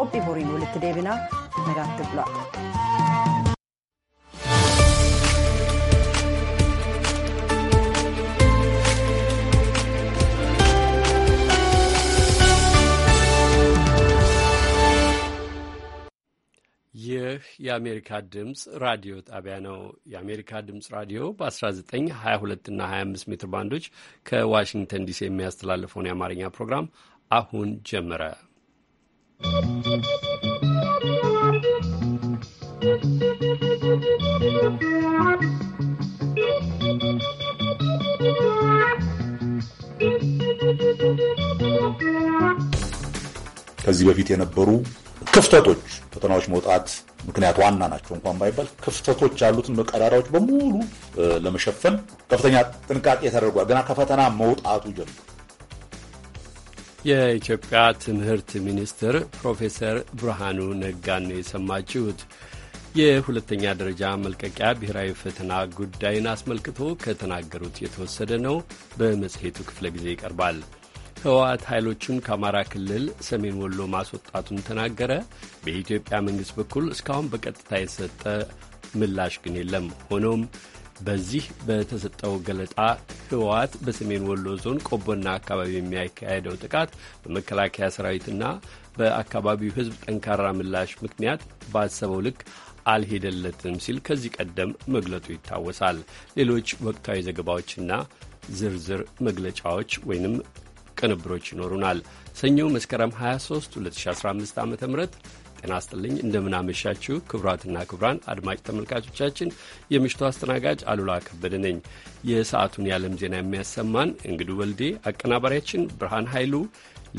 qophii horii walitti deebinaa nagaatti bulaa. ይህ የአሜሪካ ድምፅ ራዲዮ ጣቢያ ነው። የአሜሪካ ድምፅ ራዲዮ በ 1922 እና 25 ሜትር ባንዶች ከዋሽንግተን ዲሲ የሚያስተላልፈውን የአማርኛ ፕሮግራም አሁን ጀመረ። ከዚህ በፊት የነበሩ ክፍተቶች ፈተናዎች መውጣት ምክንያት ዋና ናቸው እንኳን ባይባል ክፍተቶች ያሉትን መቀዳዳዎች በሙሉ ለመሸፈን ከፍተኛ ጥንቃቄ ተደርጓል። ገና ከፈተና መውጣቱ ጀምሮ የኢትዮጵያ ትምህርት ሚኒስትር ፕሮፌሰር ብርሃኑ ነጋን የሰማችሁት። የሁለተኛ ደረጃ መልቀቂያ ብሔራዊ ፈተና ጉዳይን አስመልክቶ ከተናገሩት የተወሰደ ነው። በመጽሔቱ ክፍለ ጊዜ ይቀርባል። ህወሓት ኃይሎቹን ከአማራ ክልል ሰሜን ወሎ ማስወጣቱን ተናገረ። በኢትዮጵያ መንግሥት በኩል እስካሁን በቀጥታ የተሰጠ ምላሽ ግን የለም። ሆኖም በዚህ በተሰጠው ገለጣ ህወሓት በሰሜን ወሎ ዞን ቆቦና አካባቢ የሚያካሄደው ጥቃት በመከላከያ ሰራዊትና በአካባቢው ህዝብ ጠንካራ ምላሽ ምክንያት ባሰበው ልክ አልሄደለትም ሲል ከዚህ ቀደም መግለጡ ይታወሳል። ሌሎች ወቅታዊ ዘገባዎችና ዝርዝር መግለጫዎች ወይንም ቅንብሮች ይኖሩናል። ሰኞ መስከረም 23 2015 ዓ ም ጤና ስጥልኝ። እንደምናመሻችሁ ክቡራትና ክቡራን አድማጭ ተመልካቾቻችን የምሽቱ አስተናጋጅ አሉላ ከበደ ነኝ። የሰዓቱን የዓለም ዜና የሚያሰማን እንግዱ ወልዴ፣ አቀናባሪያችን ብርሃን ኃይሉ፣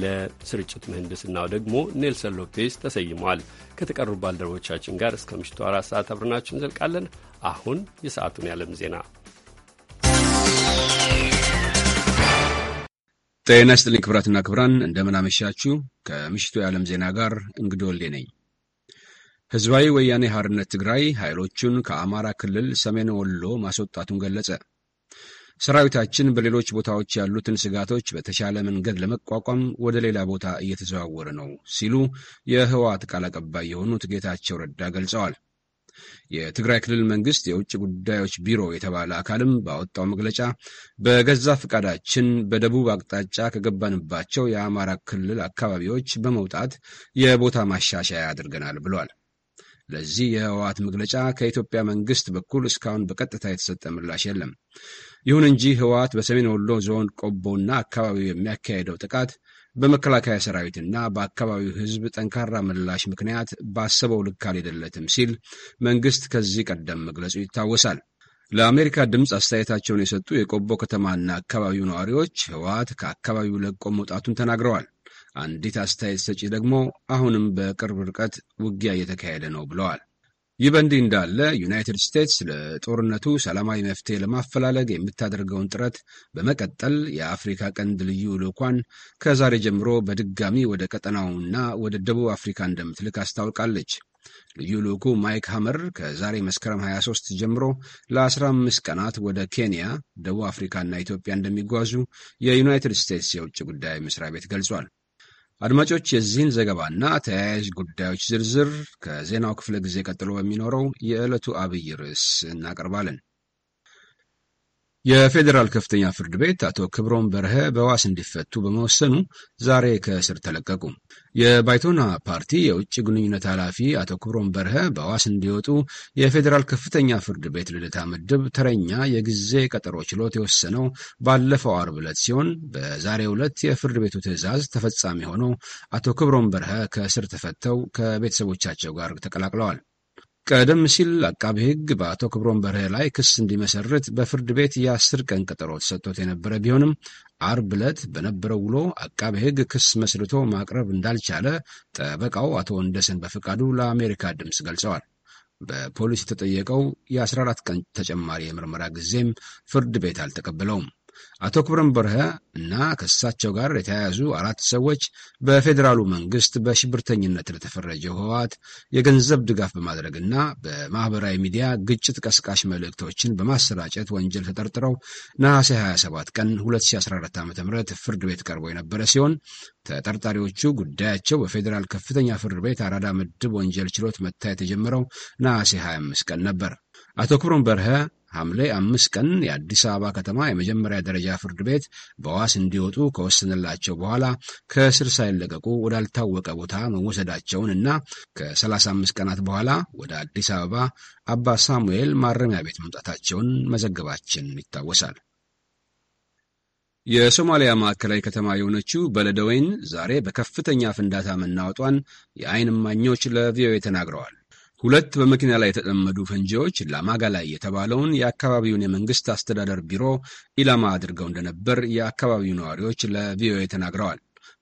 ለስርጭት ምህንድስናው ደግሞ ኔልሰን ሎፔዝ ተሰይመዋል። ከተቀሩ ባልደረቦቻችን ጋር እስከ ምሽቱ አራት ሰዓት አብረናችሁ እንዘልቃለን። አሁን የሰዓቱን የዓለም ዜና ጤና ይስጥልኝ ክብራትና ክብራን፣ እንደምናመሻችሁ። ከምሽቱ የዓለም ዜና ጋር እንግዶ ወልዴ ነኝ። ህዝባዊ ወያኔ ሐርነት ትግራይ ኃይሎቹን ከአማራ ክልል ሰሜን ወሎ ማስወጣቱን ገለጸ። ሰራዊታችን በሌሎች ቦታዎች ያሉትን ስጋቶች በተሻለ መንገድ ለመቋቋም ወደ ሌላ ቦታ እየተዘዋወረ ነው ሲሉ የህወሓት ቃል አቀባይ የሆኑት ጌታቸው ረዳ ገልጸዋል። የትግራይ ክልል መንግስት የውጭ ጉዳዮች ቢሮ የተባለ አካልም ባወጣው መግለጫ በገዛ ፈቃዳችን በደቡብ አቅጣጫ ከገባንባቸው የአማራ ክልል አካባቢዎች በመውጣት የቦታ ማሻሻያ አድርገናል ብሏል። ለዚህ የህወሓት መግለጫ ከኢትዮጵያ መንግስት በኩል እስካሁን በቀጥታ የተሰጠ ምላሽ የለም። ይሁን እንጂ ህወሓት በሰሜን ወሎ ዞን ቆቦና አካባቢው የሚያካሄደው ጥቃት በመከላከያ ሰራዊትና በአካባቢው ሕዝብ ጠንካራ ምላሽ ምክንያት ባሰበው ልክ አልሄደለትም ሲል መንግስት ከዚህ ቀደም መግለጹ ይታወሳል። ለአሜሪካ ድምፅ አስተያየታቸውን የሰጡ የቆቦ ከተማና አካባቢው ነዋሪዎች ህወሓት ከአካባቢው ለቆ መውጣቱን ተናግረዋል። አንዲት አስተያየት ሰጪ ደግሞ አሁንም በቅርብ ርቀት ውጊያ እየተካሄደ ነው ብለዋል። ይህ በእንዲህ እንዳለ ዩናይትድ ስቴትስ ለጦርነቱ ሰላማዊ መፍትሄ ለማፈላለግ የምታደርገውን ጥረት በመቀጠል የአፍሪካ ቀንድ ልዩ ልዑኳን ከዛሬ ጀምሮ በድጋሚ ወደ ቀጠናውና ወደ ደቡብ አፍሪካ እንደምትልክ አስታውቃለች። ልዩ ልዑኩ ማይክ ሀመር ከዛሬ መስከረም 23 ጀምሮ ለ15 ቀናት ወደ ኬንያ፣ ደቡብ አፍሪካና ኢትዮጵያ እንደሚጓዙ የዩናይትድ ስቴትስ የውጭ ጉዳይ መስሪያ ቤት ገልጿል። አድማጮች የዚህን ዘገባና ተያያዥ ጉዳዮች ዝርዝር ከዜናው ክፍለ ጊዜ ቀጥሎ በሚኖረው የዕለቱ አብይ ርዕስ እናቀርባለን። የፌዴራል ከፍተኛ ፍርድ ቤት አቶ ክብሮም በርሀ በዋስ እንዲፈቱ በመወሰኑ ዛሬ ከእስር ተለቀቁ። የባይቶና ፓርቲ የውጭ ግንኙነት ኃላፊ አቶ ክብሮም በርሀ በዋስ እንዲወጡ የፌዴራል ከፍተኛ ፍርድ ቤት ልደታ ምድብ ተረኛ የጊዜ ቀጠሮ ችሎት የወሰነው ባለፈው አርብ ዕለት ሲሆን በዛሬው ዕለት የፍርድ ቤቱ ትዕዛዝ ተፈጻሚ ሆኖ አቶ ክብሮም በርሀ ከእስር ተፈተው ከቤተሰቦቻቸው ጋር ተቀላቅለዋል። ቀደም ሲል አቃቤ ሕግ በአቶ ክብሮም በርሄ ላይ ክስ እንዲመሰርት በፍርድ ቤት የአስር ቀን ቀጠሮ ተሰጥቶት የነበረ ቢሆንም አርብ ዕለት በነበረው ውሎ አቃቤ ሕግ ክስ መስርቶ ማቅረብ እንዳልቻለ ጠበቃው አቶ ወንደሰን በፈቃዱ ለአሜሪካ ድምፅ ገልጸዋል። በፖሊስ የተጠየቀው የ14 ቀን ተጨማሪ የምርመራ ጊዜም ፍርድ ቤት አልተቀበለውም። አቶ ክብረም በርሀ እና ከእሳቸው ጋር የተያያዙ አራት ሰዎች በፌዴራሉ መንግስት በሽብርተኝነት ለተፈረጀው ህወሓት የገንዘብ ድጋፍ በማድረግና በማህበራዊ ሚዲያ ግጭት ቀስቃሽ መልእክቶችን በማሰራጨት ወንጀል ተጠርጥረው ነሐሴ 27 ቀን 2014 ዓ ም ፍርድ ቤት ቀርቦ የነበረ ሲሆን ተጠርጣሪዎቹ ጉዳያቸው በፌዴራል ከፍተኛ ፍርድ ቤት አራዳ ምድብ ወንጀል ችሎት መታየት የጀመረው ነሐሴ 25 ቀን ነበር። አቶ ክብረም በርሀ ሐምሌ አምስት ቀን የአዲስ አበባ ከተማ የመጀመሪያ ደረጃ ፍርድ ቤት በዋስ እንዲወጡ ከወሰነላቸው በኋላ ከእስር ሳይለቀቁ ወዳልታወቀ ቦታ መወሰዳቸውን እና ከ35 ቀናት በኋላ ወደ አዲስ አበባ አባ ሳሙኤል ማረሚያ ቤት መምጣታቸውን መዘገባችን ይታወሳል። የሶማሊያ ማዕከላዊ ከተማ የሆነችው በለደወይን ዛሬ በከፍተኛ ፍንዳታ መናወጧን የዓይን እማኞች ለቪኦኤ ተናግረዋል። ሁለት በመኪና ላይ የተጠመዱ ፈንጂዎች ላማጋላይ የተባለውን የአካባቢውን የመንግስት አስተዳደር ቢሮ ኢላማ አድርገው እንደነበር የአካባቢው ነዋሪዎች ለቪኦኤ ተናግረዋል።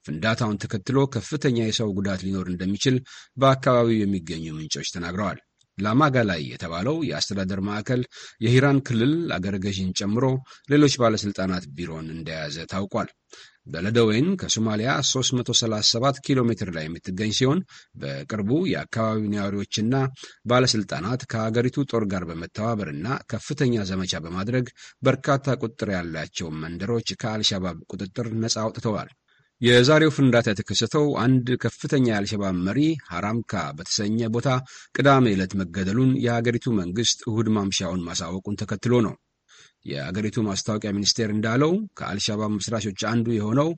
ፍንዳታውን ተከትሎ ከፍተኛ የሰው ጉዳት ሊኖር እንደሚችል በአካባቢው የሚገኙ ምንጮች ተናግረዋል። ላማጋላይ የተባለው የአስተዳደር ማዕከል የሂራን ክልል አገረ ጨምሮ ሌሎች ባለስልጣናት ቢሮን እንደያዘ ታውቋል። በለደዌን ከሶማሊያ 337 ኪሎ ሜትር ላይ የምትገኝ ሲሆን በቅርቡ የአካባቢው ነዋሪዎችና ባለሥልጣናት ከሀገሪቱ ጦር ጋር በመተባበርና ከፍተኛ ዘመቻ በማድረግ በርካታ ቁጥር ያላቸው መንደሮች ከአልሻባብ ቁጥጥር ነጻ አውጥተዋል። የዛሬው ፍንዳታ የተከሰተው አንድ ከፍተኛ የአልሸባብ መሪ ሐራምካ በተሰኘ ቦታ ቅዳሜ ዕለት መገደሉን የሀገሪቱ መንግሥት እሁድ ማምሻውን ማሳወቁን ተከትሎ ነው። የአገሪቱ ማስታወቂያ ሚኒስቴር እንዳለው ከአልሻባብ መስራቾች አንዱ የሆነው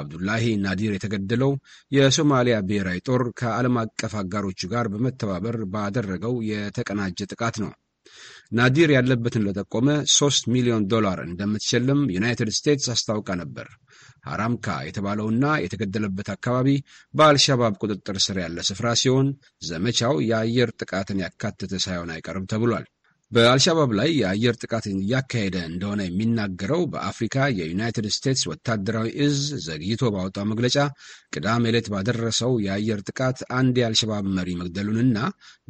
አብዱላሂ ናዲር የተገደለው የሶማሊያ ብሔራዊ ጦር ከዓለም አቀፍ አጋሮቹ ጋር በመተባበር ባደረገው የተቀናጀ ጥቃት ነው። ናዲር ያለበትን ለጠቆመ ሶስት ሚሊዮን ዶላር እንደምትሸልም ዩናይትድ ስቴትስ አስታውቃ ነበር። ሐራምካ የተባለውና የተገደለበት አካባቢ በአልሻባብ ቁጥጥር ስር ያለ ስፍራ ሲሆን ዘመቻው የአየር ጥቃትን ያካተተ ሳይሆን አይቀርም ተብሏል። በአልሻባብ ላይ የአየር ጥቃት እያካሄደ እንደሆነ የሚናገረው በአፍሪካ የዩናይትድ ስቴትስ ወታደራዊ እዝ ዘግይቶ ባወጣው መግለጫ ቅዳሜ ዕለት ባደረሰው የአየር ጥቃት አንድ የአልሸባብ መሪ መግደሉንና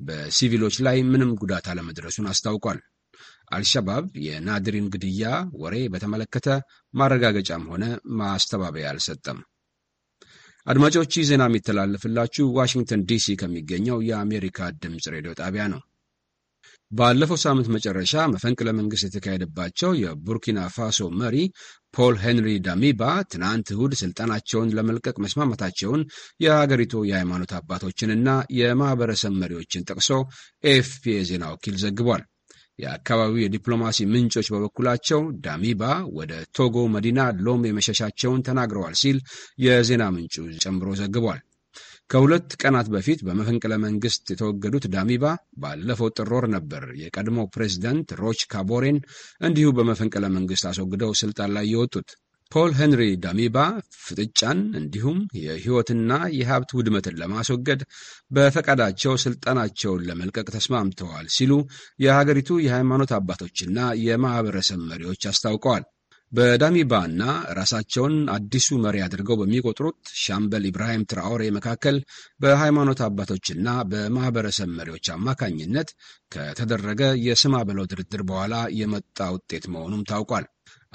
በሲቪሎች ላይ ምንም ጉዳት አለመድረሱን አስታውቋል። አልሸባብ የናድሪን ግድያ ወሬ በተመለከተ ማረጋገጫም ሆነ ማስተባበያ አልሰጠም። አድማጮች፣ ዜና የሚተላለፍላችሁ ዋሽንግተን ዲሲ ከሚገኘው የአሜሪካ ድምፅ ሬዲዮ ጣቢያ ነው። ባለፈው ሳምንት መጨረሻ መፈንቅለ መንግስት የተካሄደባቸው የቡርኪና ፋሶ መሪ ፖል ሄንሪ ዳሚባ ትናንት እሁድ ስልጣናቸውን ለመልቀቅ መስማማታቸውን የሀገሪቱ የሃይማኖት አባቶችንና የማህበረሰብ መሪዎችን ጠቅሶ ኤፍፒ የዜና ወኪል ዘግቧል። የአካባቢው የዲፕሎማሲ ምንጮች በበኩላቸው ዳሚባ ወደ ቶጎ መዲና ሎም የመሸሻቸውን ተናግረዋል ሲል የዜና ምንጩ ጨምሮ ዘግቧል። ከሁለት ቀናት በፊት በመፈንቅለ መንግሥት የተወገዱት ዳሚባ ባለፈው ጥር ወር ነበር የቀድሞ ፕሬዚደንት ሮች ካቦሬን እንዲሁ በመፈንቅለ መንግሥት አስወግደው ስልጣን ላይ የወጡት። ፖል ሄንሪ ዳሚባ ፍጥጫን እንዲሁም የሕይወትና የሀብት ውድመትን ለማስወገድ በፈቃዳቸው ስልጣናቸውን ለመልቀቅ ተስማምተዋል ሲሉ የሀገሪቱ የሃይማኖት አባቶችና የማኅበረሰብ መሪዎች አስታውቀዋል። በዳሚባ እና ራሳቸውን አዲሱ መሪ አድርገው በሚቆጥሩት ሻምበል ኢብራሂም ትራኦሬ መካከል በሃይማኖት አባቶችና በማህበረሰብ መሪዎች አማካኝነት ከተደረገ የስማ በለው ድርድር በኋላ የመጣ ውጤት መሆኑም ታውቋል።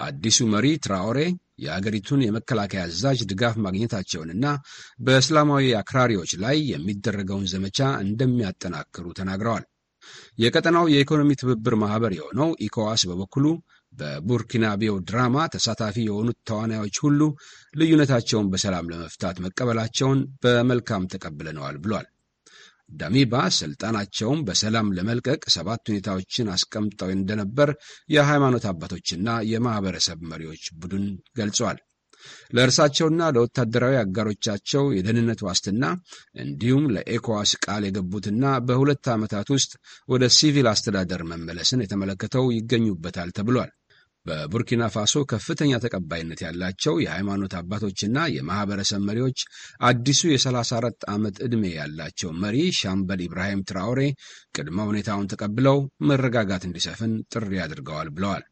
አዲሱ መሪ ትራኦሬ የአገሪቱን የመከላከያ አዛዥ ድጋፍ ማግኘታቸውንና በእስላማዊ አክራሪዎች ላይ የሚደረገውን ዘመቻ እንደሚያጠናክሩ ተናግረዋል። የቀጠናው የኢኮኖሚ ትብብር ማህበር የሆነው ኢኮዋስ በበኩሉ በቡርኪናቤው ድራማ ተሳታፊ የሆኑት ተዋናዮች ሁሉ ልዩነታቸውን በሰላም ለመፍታት መቀበላቸውን በመልካም ተቀብለነዋል ብሏል። ዳሚባ ስልጣናቸውን በሰላም ለመልቀቅ ሰባት ሁኔታዎችን አስቀምጠው እንደነበር የሃይማኖት አባቶችና የማኅበረሰብ መሪዎች ቡድን ገልጿል። ለእርሳቸውና ለወታደራዊ አጋሮቻቸው የደህንነት ዋስትና እንዲሁም ለኤኮዋስ ቃል የገቡትና በሁለት ዓመታት ውስጥ ወደ ሲቪል አስተዳደር መመለስን የተመለከተው ይገኙበታል ተብሏል። በቡርኪና ፋሶ ከፍተኛ ተቀባይነት ያላቸው የሃይማኖት አባቶችና የማኅበረሰብ መሪዎች አዲሱ የ34 ዓመት ዕድሜ ያላቸው መሪ ሻምበል ኢብራሂም ትራውሬ ቅድመ ሁኔታውን ተቀብለው መረጋጋት እንዲሰፍን ጥሪ አድርገዋል ብለዋል።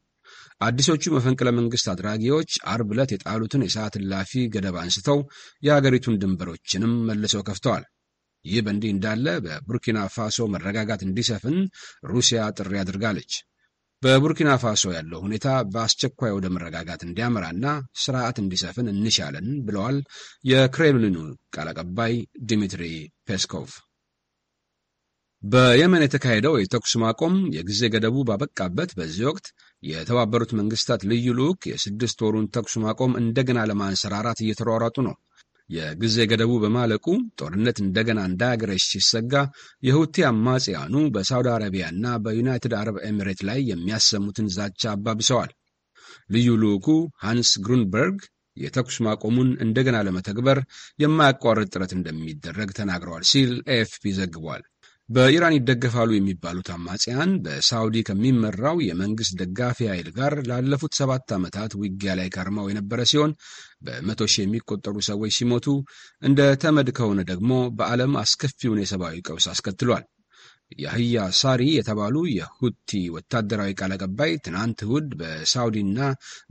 አዲሶቹ መፈንቅለ መንግሥት አድራጊዎች አርብ ዕለት የጣሉትን የሰዓት እላፊ ገደብ አንስተው የአገሪቱን ድንበሮችንም መልሰው ከፍተዋል። ይህ በእንዲህ እንዳለ በቡርኪና ፋሶ መረጋጋት እንዲሰፍን ሩሲያ ጥሪ አድርጋለች። በቡርኪና ፋሶ ያለው ሁኔታ በአስቸኳይ ወደ መረጋጋት እንዲያመራና ስርዓት እንዲሰፍን እንሻለን ብለዋል የክሬምሊኑ ቃል አቀባይ ዲሚትሪ ፔስኮቭ። በየመን የተካሄደው የተኩስ ማቆም የጊዜ ገደቡ ባበቃበት በዚህ ወቅት የተባበሩት መንግስታት ልዩ ልዑክ የስድስት ወሩን ተኩስ ማቆም እንደገና ለማንሰራራት እየተሯሯጡ ነው። የጊዜ ገደቡ በማለቁ ጦርነት እንደገና እንዳያገረሽ ሲሰጋ የሁቲ አማጽያኑ በሳውዲ አረቢያና በዩናይትድ አረብ ኤሚሬት ላይ የሚያሰሙትን ዛቻ አባብሰዋል። ልዩ ልዑኩ ሃንስ ግሩንበርግ የተኩስ ማቆሙን እንደገና ለመተግበር የማያቋርጥ ጥረት እንደሚደረግ ተናግረዋል ሲል ኤኤፍፒ ዘግቧል። በኢራን ይደገፋሉ የሚባሉት አማጽያን በሳውዲ ከሚመራው የመንግሥት ደጋፊ ኃይል ጋር ላለፉት ሰባት ዓመታት ውጊያ ላይ ከርመው የነበረ ሲሆን በመቶ ሺህ የሚቆጠሩ ሰዎች ሲሞቱ፣ እንደ ተመድ ከሆነ ደግሞ በዓለም አስከፊውን የሰብአዊ ቀውስ አስከትሏል። ያህያ ሳሪ የተባሉ የሁቲ ወታደራዊ ቃል አቀባይ ትናንት እሁድ እና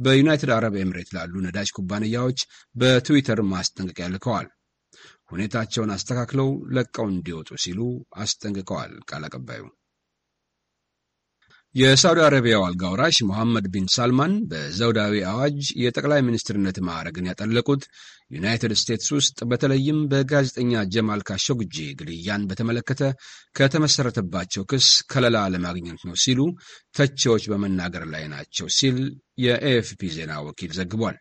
በዩናይትድ አረብ ኤምሬት ላሉ ነዳጅ ኩባንያዎች በትዊተር ማስጠንቀቂያ ልከዋል። ሁኔታቸውን አስተካክለው ለቀው እንዲወጡ ሲሉ አስጠንቅቀዋል ቃል አቀባዩ የሳዑዲ አረቢያው አልጋ ወራሽ ሞሐመድ ቢን ሳልማን በዘውዳዊ አዋጅ የጠቅላይ ሚኒስትርነት ማዕረግን ያጠለቁት ዩናይትድ ስቴትስ ውስጥ በተለይም በጋዜጠኛ ጀማል ካሾግጂ ግድያን በተመለከተ ከተመሰረተባቸው ክስ ከለላ ለማግኘት ነው ሲሉ ተቺዎች በመናገር ላይ ናቸው ሲል የኤኤፍፒ ዜና ወኪል ዘግቧል።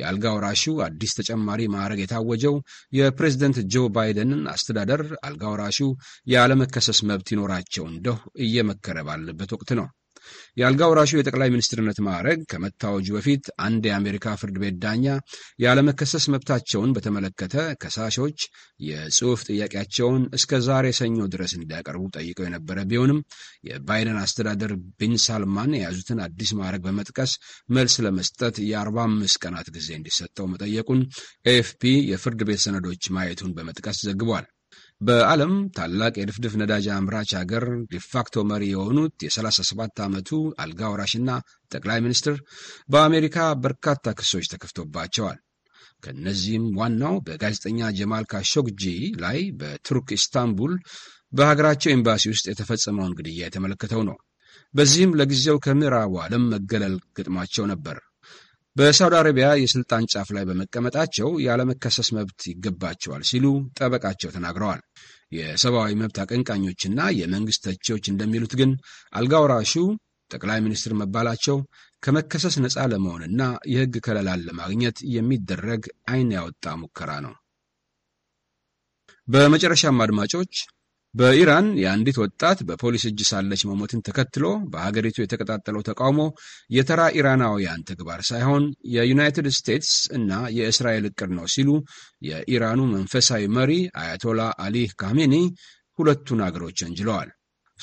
የአልጋ ወራሹ አዲስ ተጨማሪ ማዕረግ የታወጀው የፕሬዝደንት ጆ ባይደንን አስተዳደር አልጋ ወራሹ ያለመከሰስ መብት ይኖራቸው እንደሁ እየመከረ ባለበት ወቅት ነው። የአልጋ ወራሹ የጠቅላይ ሚኒስትርነት ማዕረግ ከመታወጁ በፊት አንድ የአሜሪካ ፍርድ ቤት ዳኛ ያለመከሰስ መብታቸውን በተመለከተ ከሳሾች የጽሑፍ ጥያቄያቸውን እስከ ዛሬ ሰኞ ድረስ እንዲያቀርቡ ጠይቀው የነበረ ቢሆንም የባይደን አስተዳደር ቢን ሳልማን የያዙትን አዲስ ማዕረግ በመጥቀስ መልስ ለመስጠት የ45 ቀናት ጊዜ እንዲሰጠው መጠየቁን ኤኤፍፒ የፍርድ ቤት ሰነዶች ማየቱን በመጥቀስ ዘግቧል። በዓለም ታላቅ የድፍድፍ ነዳጅ አምራች ሀገር ዲፋክቶ መሪ የሆኑት የ37 ዓመቱ አልጋ ወራሽና ጠቅላይ ሚኒስትር በአሜሪካ በርካታ ክሶች ተከፍቶባቸዋል። ከእነዚህም ዋናው በጋዜጠኛ ጀማል ካሾግጂ ላይ በቱርክ ኢስታንቡል በሀገራቸው ኤምባሲ ውስጥ የተፈጸመውን ግድያ የተመለከተው ነው። በዚህም ለጊዜው ከምዕራቡ ዓለም መገለል ገጥሟቸው ነበር። በሳውዲ አረቢያ የስልጣን ጫፍ ላይ በመቀመጣቸው ያለመከሰስ መብት ይገባቸዋል ሲሉ ጠበቃቸው ተናግረዋል። የሰብአዊ መብት አቀንቃኞችና የመንግስት ተቺዎች እንደሚሉት ግን አልጋውራሹ ጠቅላይ ሚኒስትር መባላቸው ከመከሰስ ነፃ ለመሆንና የህግ ከለላን ለማግኘት የሚደረግ አይን ያወጣ ሙከራ ነው። በመጨረሻም አድማጮች በኢራን የአንዲት ወጣት በፖሊስ እጅ ሳለች መሞትን ተከትሎ በሀገሪቱ የተቀጣጠለው ተቃውሞ የተራ ኢራናውያን ተግባር ሳይሆን የዩናይትድ ስቴትስ እና የእስራኤል እቅድ ነው ሲሉ የኢራኑ መንፈሳዊ መሪ አያቶላ አሊ ካሜኒ ሁለቱን አገሮች ወንጅለዋል።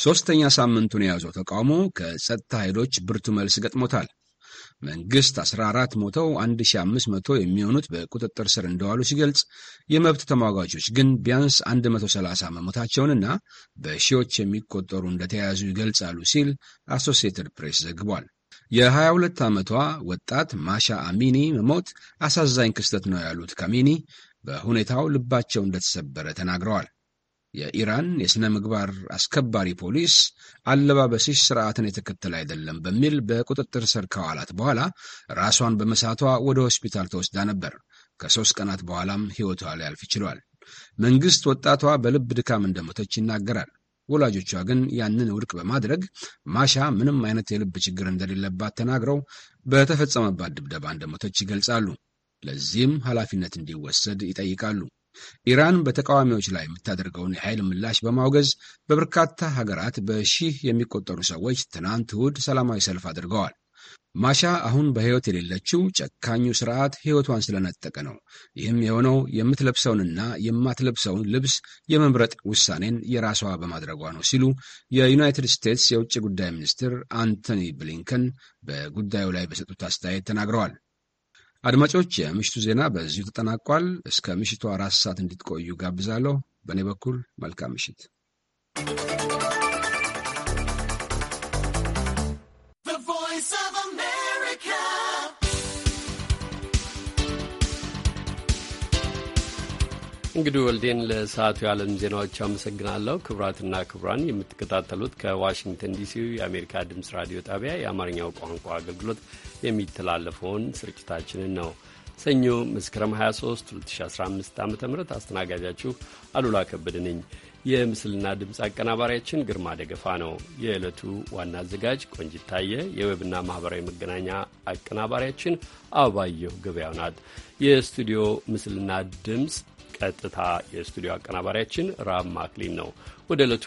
ሦስተኛ ሳምንቱን የያዘው ተቃውሞ ከጸጥታ ኃይሎች ብርቱ መልስ ገጥሞታል። መንግሥት 14 ሞተው 1500 የሚሆኑት በቁጥጥር ስር እንደዋሉ ሲገልጽ፣ የመብት ተሟጋቾች ግን ቢያንስ 130 መሞታቸውንና በሺዎች የሚቆጠሩ እንደተያያዙ ይገልጻሉ ሲል አሶሲየትድ ፕሬስ ዘግቧል። የ22 ዓመቷ ወጣት ማሻ አሚኒ መሞት አሳዛኝ ክስተት ነው ያሉት ካሚኒ በሁኔታው ልባቸው እንደተሰበረ ተናግረዋል። የኢራን የሥነ ምግባር አስከባሪ ፖሊስ አለባበስሽ ሥርዓትን የተከተለ አይደለም በሚል በቁጥጥር ስር ከዋላት በኋላ ራሷን በመሳቷ ወደ ሆስፒታል ተወስዳ ነበር። ከሦስት ቀናት በኋላም ሕይወቷ ሊያልፍ ይችሏል። መንግሥት ወጣቷ በልብ ድካም እንደሞተች ይናገራል። ወላጆቿ ግን ያንን ውድቅ በማድረግ ማሻ ምንም አይነት የልብ ችግር እንደሌለባት ተናግረው በተፈጸመባት ድብደባ እንደሞተች ይገልጻሉ። ለዚህም ኃላፊነት እንዲወሰድ ይጠይቃሉ። ኢራን በተቃዋሚዎች ላይ የምታደርገውን የኃይል ምላሽ በማውገዝ በበርካታ ሀገራት በሺህ የሚቆጠሩ ሰዎች ትናንት እሁድ ሰላማዊ ሰልፍ አድርገዋል። ማሻ አሁን በሕይወት የሌለችው ጨካኙ ስርዓት ሕይወቷን ስለነጠቀ ነው። ይህም የሆነው የምትለብሰውንና የማትለብሰውን ልብስ የመምረጥ ውሳኔን የራሷ በማድረጓ ነው ሲሉ የዩናይትድ ስቴትስ የውጭ ጉዳይ ሚኒስትር አንቶኒ ብሊንከን በጉዳዩ ላይ በሰጡት አስተያየት ተናግረዋል። አድማጮች፣ የምሽቱ ዜና በዚሁ ተጠናቋል። እስከ ምሽቱ አራት ሰዓት እንድትቆዩ ጋብዛለሁ። በእኔ በኩል መልካም ምሽት። እንግዲህ ወልዴን ለሰዓቱ የዓለም ዜናዎች አመሰግናለሁ። ክቡራትና ክቡራን የምትከታተሉት ከዋሽንግተን ዲሲ የአሜሪካ ድምፅ ራዲዮ ጣቢያ የአማርኛው ቋንቋ አገልግሎት የሚተላለፈውን ስርጭታችንን ነው። ሰኞ መስከረም 23 2015 ዓ ም አስተናጋጃችሁ አሉላ ከበደ ነኝ። የምስልና ድምፅ አቀናባሪያችን ግርማ ደገፋ ነው። የዕለቱ ዋና አዘጋጅ ቆንጂት ታየ፣ የዌብና ማኅበራዊ መገናኛ አቀናባሪያችን አባየሁ ገበያው ናት። የስቱዲዮ ምስልና ድምፅ ቀጥታ የስቱዲዮ አቀናባሪያችን ራብ ማክሊን ነው። ወደ ዕለቱ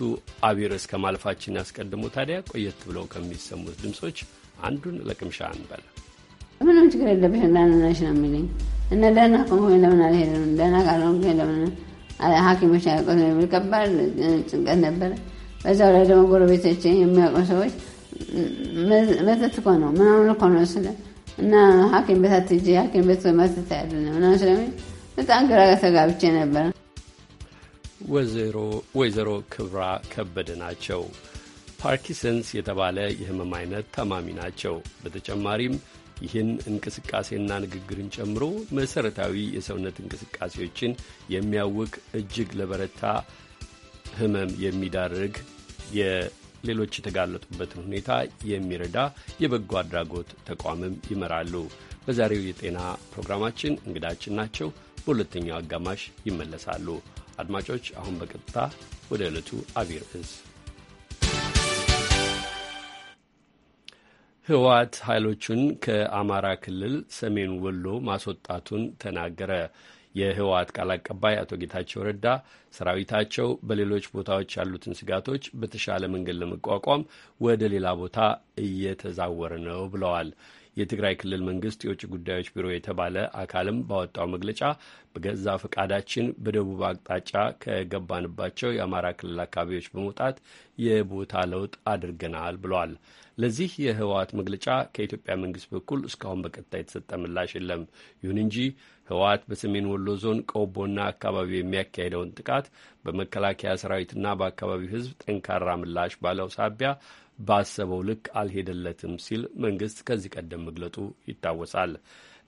አቢር እስከ ማለፋችን ያስቀድሞ ታዲያ ቆየት ብለው ከሚሰሙት ድምፆች አንዱን ለቅምሻ እንበል። ምንም ችግር የለብሽ እንዳንነሽ ነው የሚለኝ እና ደህና ከሆነ ለምን አልሄድም፣ ደህና ካልሆንኩ ለምን ሐኪሞች አያውቁትም የሚል ከባድ ጭንቀት ነበረ። በዛው ላይ ደግሞ ጎረቤቶች የሚያውቁ ሰዎች መተት እኮ ነው ምናምን እኮ ነው ስለ እና ሐኪም ቤት አትሄጂ ሐኪም ቤት መተት አይደለም ምናምን ስለሚል በጣም ግራ ተጋብቼ ነበር። ወይዘሮ ክብራ ከበደ ናቸው። ፓርኪንሰንስ የተባለ የህመም አይነት ታማሚ ናቸው። በተጨማሪም ይህን እንቅስቃሴና ንግግርን ጨምሮ መሠረታዊ የሰውነት እንቅስቃሴዎችን የሚያውቅ እጅግ ለበረታ ህመም የሚዳርግ የሌሎች የተጋለጡበትን ሁኔታ የሚረዳ የበጎ አድራጎት ተቋምም ይመራሉ። በዛሬው የጤና ፕሮግራማችን እንግዳችን ናቸው። በሁለተኛው አጋማሽ ይመለሳሉ። አድማጮች፣ አሁን በቀጥታ ወደ ዕለቱ አብይ ርዕስ ህወሓት ኃይሎቹን ከአማራ ክልል ሰሜን ወሎ ማስወጣቱን ተናገረ። የህወሓት ቃል አቀባይ አቶ ጌታቸው ረዳ ሰራዊታቸው በሌሎች ቦታዎች ያሉትን ስጋቶች በተሻለ መንገድ ለመቋቋም ወደ ሌላ ቦታ እየተዛወረ ነው ብለዋል። የትግራይ ክልል መንግስት የውጭ ጉዳዮች ቢሮ የተባለ አካልም ባወጣው መግለጫ በገዛ ፈቃዳችን በደቡብ አቅጣጫ ከገባንባቸው የአማራ ክልል አካባቢዎች በመውጣት የቦታ ለውጥ አድርገናል ብሏል። ለዚህ የህወሓት መግለጫ ከኢትዮጵያ መንግስት በኩል እስካሁን በቀጥታ የተሰጠ ምላሽ የለም። ይሁን እንጂ ህወሓት በሰሜን ወሎ ዞን ቆቦና አካባቢ የሚያካሄደውን ጥቃት በመከላከያ ሰራዊትና በአካባቢው ህዝብ ጠንካራ ምላሽ ባለው ሳቢያ ባሰበው ልክ አልሄደለትም ሲል መንግስት ከዚህ ቀደም መግለጡ ይታወሳል።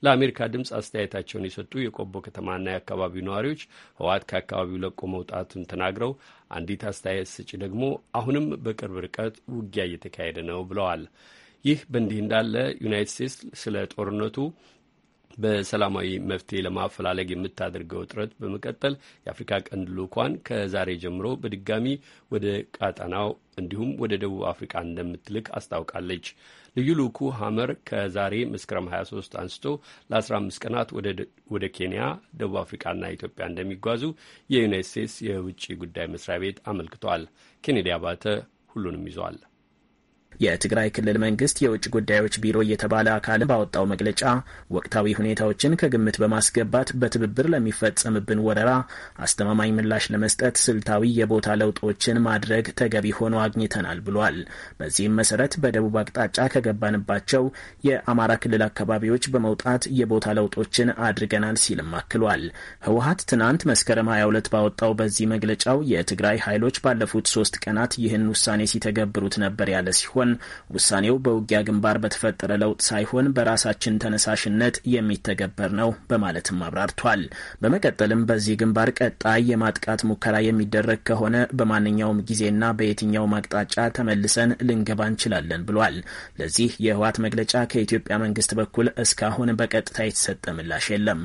ለአሜሪካ ድምፅ አስተያየታቸውን የሰጡ የቆቦ ከተማና የአካባቢው ነዋሪዎች ህወሓት ከአካባቢው ለቆ መውጣቱን ተናግረው አንዲት አስተያየት ሰጪ ደግሞ አሁንም በቅርብ ርቀት ውጊያ እየተካሄደ ነው ብለዋል። ይህ በእንዲህ እንዳለ ዩናይትድ ስቴትስ ስለ ጦርነቱ በሰላማዊ መፍትሄ ለማፈላለግ የምታደርገው ጥረት በመቀጠል የአፍሪካ ቀንድ ልዑኳን ከዛሬ ጀምሮ በድጋሚ ወደ ቃጠናው እንዲሁም ወደ ደቡብ አፍሪካ እንደምትልክ አስታውቃለች። ልዩ ልዑኩ ሀመር ከዛሬ መስከረም 23 አንስቶ ለ15 ቀናት ወደ ኬንያ፣ ደቡብ አፍሪካና ኢትዮጵያ እንደሚጓዙ የዩናይት ስቴትስ የውጭ ጉዳይ መስሪያ ቤት አመልክቷል። ኬኔዲ አባተ ሁሉንም ይዟል። የትግራይ ክልል መንግስት የውጭ ጉዳዮች ቢሮ እየተባለ አካል ባወጣው መግለጫ ወቅታዊ ሁኔታዎችን ከግምት በማስገባት በትብብር ለሚፈጸምብን ወረራ አስተማማኝ ምላሽ ለመስጠት ስልታዊ የቦታ ለውጦችን ማድረግ ተገቢ ሆኖ አግኝተናል ብሏል። በዚህም መሰረት በደቡብ አቅጣጫ ከገባንባቸው የአማራ ክልል አካባቢዎች በመውጣት የቦታ ለውጦችን አድርገናል ሲልም አክሏል። ህወሀት ትናንት መስከረም 22 ባወጣው በዚህ መግለጫው የትግራይ ኃይሎች ባለፉት ሶስት ቀናት ይህን ውሳኔ ሲተገብሩት ነበር ያለ ሲሆን ሲሆን ውሳኔው በውጊያ ግንባር በተፈጠረ ለውጥ ሳይሆን በራሳችን ተነሳሽነት የሚተገበር ነው በማለትም አብራርቷል። በመቀጠልም በዚህ ግንባር ቀጣይ የማጥቃት ሙከራ የሚደረግ ከሆነ በማንኛውም ጊዜና በየትኛው አቅጣጫ ተመልሰን ልንገባ እንችላለን ብሏል። ለዚህ የህወሓት መግለጫ ከኢትዮጵያ መንግስት በኩል እስካሁን በቀጥታ የተሰጠ ምላሽ የለም።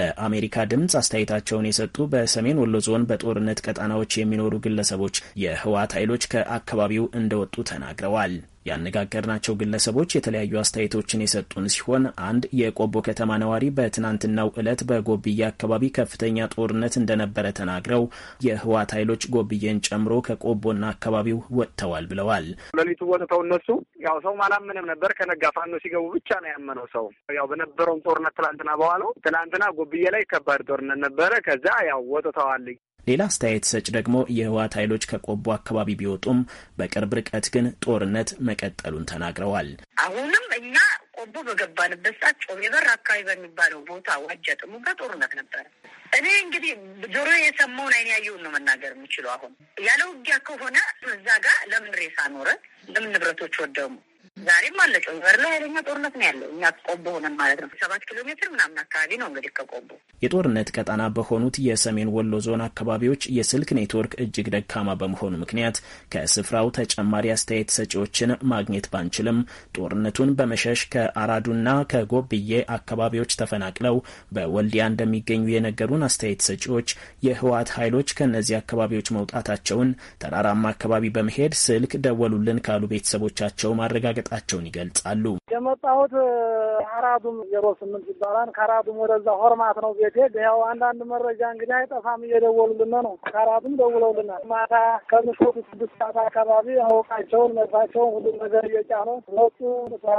ለአሜሪካ ድምፅ አስተያየታቸውን የሰጡ በሰሜን ወሎ ዞን በጦርነት ቀጣናዎች የሚኖሩ ግለሰቦች የህወሓት ኃይሎች ከአካባቢው እንደወጡ ተናግረዋል። ያነጋገርናቸው ግለሰቦች የተለያዩ አስተያየቶችን የሰጡን ሲሆን አንድ የቆቦ ከተማ ነዋሪ በትናንትናው ዕለት በጎብዬ አካባቢ ከፍተኛ ጦርነት እንደነበረ ተናግረው የህወሓት ኃይሎች ጎብዬን ጨምሮ ከቆቦና አካባቢው ወጥተዋል ብለዋል። ሌሊቱ ወጥተው እነሱ ያው ሰው አላመነም ነበር። ከነጋ ፋኖ ሲገቡ ብቻ ነው ያመነው ሰው። ያው በነበረውም ጦርነት ትናንትና በኋላው ትናንትና ጎብዬ ላይ ከባድ ጦርነት ነበረ። ከዛ ያው ወጥተዋል ሌላ አስተያየት ሰጭ ደግሞ የህወሓት ኃይሎች ከቆቦ አካባቢ ቢወጡም በቅርብ ርቀት ግን ጦርነት መቀጠሉን ተናግረዋል። አሁንም እኛ ቆቦ በገባንበት ሰዓት ጮሜ በር አካባቢ በሚባለው ቦታ ዋጃ ጥሙ ጋር ጦርነት ነበረ። እኔ እንግዲህ ጆሮ የሰማውን አይን ያየውን ነው መናገር የምችለው። አሁን ያለ ውጊያ ከሆነ እዛ ጋር ለምን ሬሳ ኖረ? ለምን ንብረቶች ወደሙ? ዛሬም አለ። ጮበር ላይ ኃይለኛ ጦርነት ነው ያለው። እኛ ቆቦ ሆነን ማለት ነው። ሰባት ኪሎ ሜትር ምናምን አካባቢ ነው እንግዲህ ከቆቦ። የጦርነት ቀጠና በሆኑት የሰሜን ወሎ ዞን አካባቢዎች የስልክ ኔትወርክ እጅግ ደካማ በመሆኑ ምክንያት ከስፍራው ተጨማሪ አስተያየት ሰጪዎችን ማግኘት ባንችልም ጦርነቱን በመሸሽ ከአራዱና ከጎብዬ አካባቢዎች ተፈናቅለው በወልዲያ እንደሚገኙ የነገሩን አስተያየት ሰጪዎች የህወሓት ኃይሎች ከእነዚህ አካባቢዎች መውጣታቸውን ተራራማ አካባቢ በመሄድ ስልክ ደወሉልን ካሉ ቤተሰቦቻቸው ማረጋገጥ መምረጣቸውን ይገልጻሉ። የመጣሁት አራዱም ዜሮ ስምንት ይባላል። ከአራዱም ወደዛ ሆርማት ነው ቤቴ። ያው አንዳንድ መረጃ እንግዲህ አይጠፋም እየደወሉልን ነው። ከአራዱም ደውለውልናል። ማታ ከምሽቱ ስድስት ሰዓት አካባቢ አወቃቸውን መሳቸውን ሁሉ ነገር እየጫኑ ወጡ።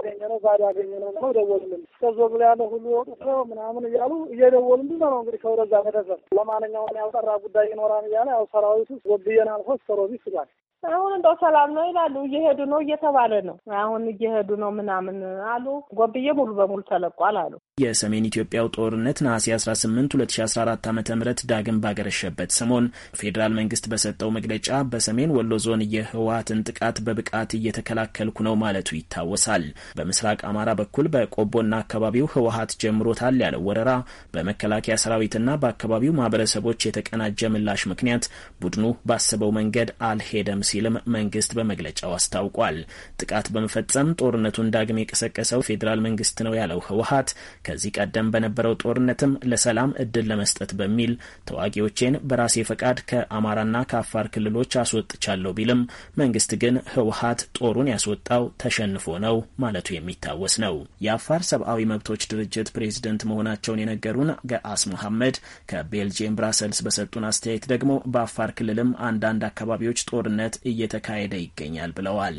ያገኘ ነው ባዶ ያገኘ ነው ነው ደወሉልን። ከዞ ብሎ ያለ ሁሉ ወጡ ምናምን እያሉ እየደወሉልን ነው እንግዲህ ከወደዛ ተደሰብ ለማንኛውም ያልጠራ ጉዳይ ይኖራል እያለ ያው ሰራዊቱ ወብየን አልፎ ሰሮቢ ስጓል አሁን እንደው ሰላም ነው ይላሉ። እየሄዱ ነው እየተባለ ነው። አሁን እየሄዱ ነው ምናምን አሉ። ጎብዬ ሙሉ በሙሉ ተለቋል አሉ። የሰሜን ኢትዮጵያው ጦርነት ነሐሴ 18 2014 ዓ ም ዳግም ባገረሸበት ሰሞን ፌዴራል መንግስት በሰጠው መግለጫ በሰሜን ወሎ ዞን የህወሀትን ጥቃት በብቃት እየተከላከልኩ ነው ማለቱ ይታወሳል። በምስራቅ አማራ በኩል በቆቦና አካባቢው ህወሀት ጀምሮታል ያለው ወረራ በመከላከያ ሰራዊትና በአካባቢው ማህበረሰቦች የተቀናጀ ምላሽ ምክንያት ቡድኑ ባሰበው መንገድ አልሄደም ሲልም መንግስት በመግለጫው አስታውቋል። ጥቃት በመፈጸም ጦርነቱን ዳግም የቀሰቀሰው ፌዴራል መንግስት ነው ያለው ህወሀት ከዚህ ቀደም በነበረው ጦርነትም ለሰላም እድል ለመስጠት በሚል ተዋጊዎቼን በራሴ ፈቃድ ከአማራና ከአፋር ክልሎች አስወጥቻለሁ ቢልም መንግስት ግን ህወሀት ጦሩን ያስወጣው ተሸንፎ ነው ማለቱ የሚታወስ ነው። የአፋር ሰብአዊ መብቶች ድርጅት ፕሬዝደንት መሆናቸውን የነገሩን ገአስ መሐመድ ከቤልጅየም ብራሰልስ በሰጡን አስተያየት ደግሞ በአፋር ክልልም አንዳንድ አካባቢዎች ጦርነት እየተካሄደ ይገኛል ብለዋል።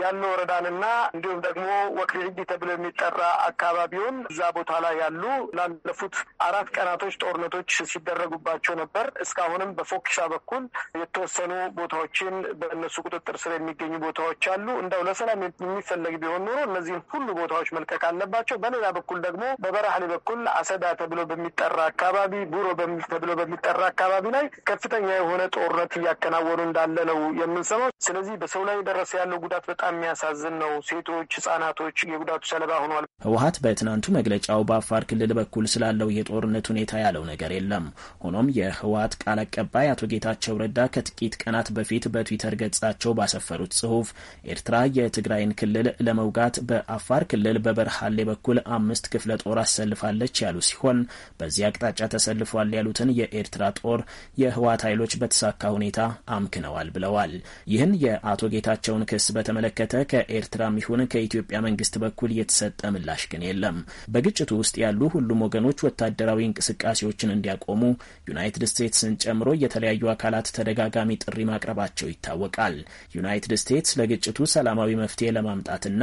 ያለ ወረዳንና እንዲሁም ደግሞ ወክሊ ህጅ ተብሎ የሚጠራ አካባቢውን እዛ ቦታ ላይ ያሉ ላለፉት አራት ቀናቶች ጦርነቶች ሲደረጉባቸው ነበር። እስካሁንም በፎክሻ በኩል የተወሰኑ ቦታዎችን በእነሱ ቁጥጥር ስር የሚገኙ ቦታዎች አሉ። እንደው ለሰላም የሚፈለግ ቢሆን ኖሮ እነዚህን ሁሉ ቦታዎች መልቀቅ አለባቸው። በሌላ በኩል ደግሞ በበራህሊ በኩል አሰዳ ተብሎ በሚጠራ አካባቢ፣ ቡሮ ተብሎ በሚጠራ አካባቢ ላይ ከፍተኛ የሆነ ጦርነት እያከናወኑ እንዳለ ነው የምንሰማው። ስለዚህ በሰው ላይ ደረሰ ያለው ጉዳት በጣም የሚያሳዝን ነው። ሴቶች፣ ህጻናቶች የጉዳቱ ሰለባ ሆኗል። ህወሀት በትናንቱ መግለጫው በአፋር ክልል በኩል ስላለው የጦርነት ሁኔታ ያለው ነገር የለም። ሆኖም የህወሀት ቃል አቀባይ አቶ ጌታቸው ረዳ ከጥቂት ቀናት በፊት በትዊተር ገጻቸው ባሰፈሩት ጽሁፍ ኤርትራ የትግራይን ክልል ለመውጋት በአፋር ክልል በበርሃሌ በኩል አምስት ክፍለ ጦር አሰልፋለች ያሉ ሲሆን በዚህ አቅጣጫ ተሰልፏል ያሉትን የኤርትራ ጦር የህወሀት ኃይሎች በተሳካ ሁኔታ አምክነዋል ብለዋል። ይህን የአቶ ጌታቸውን ክስ በተመለከተ ከኤርትራም ይሁን ከኢትዮጵያ መንግስት በኩል የተሰጠ ምላ ምላሽ ግን የለም። በግጭቱ ውስጥ ያሉ ሁሉም ወገኖች ወታደራዊ እንቅስቃሴዎችን እንዲያቆሙ ዩናይትድ ስቴትስን ጨምሮ የተለያዩ አካላት ተደጋጋሚ ጥሪ ማቅረባቸው ይታወቃል። ዩናይትድ ስቴትስ ለግጭቱ ሰላማዊ መፍትሄ ለማምጣትና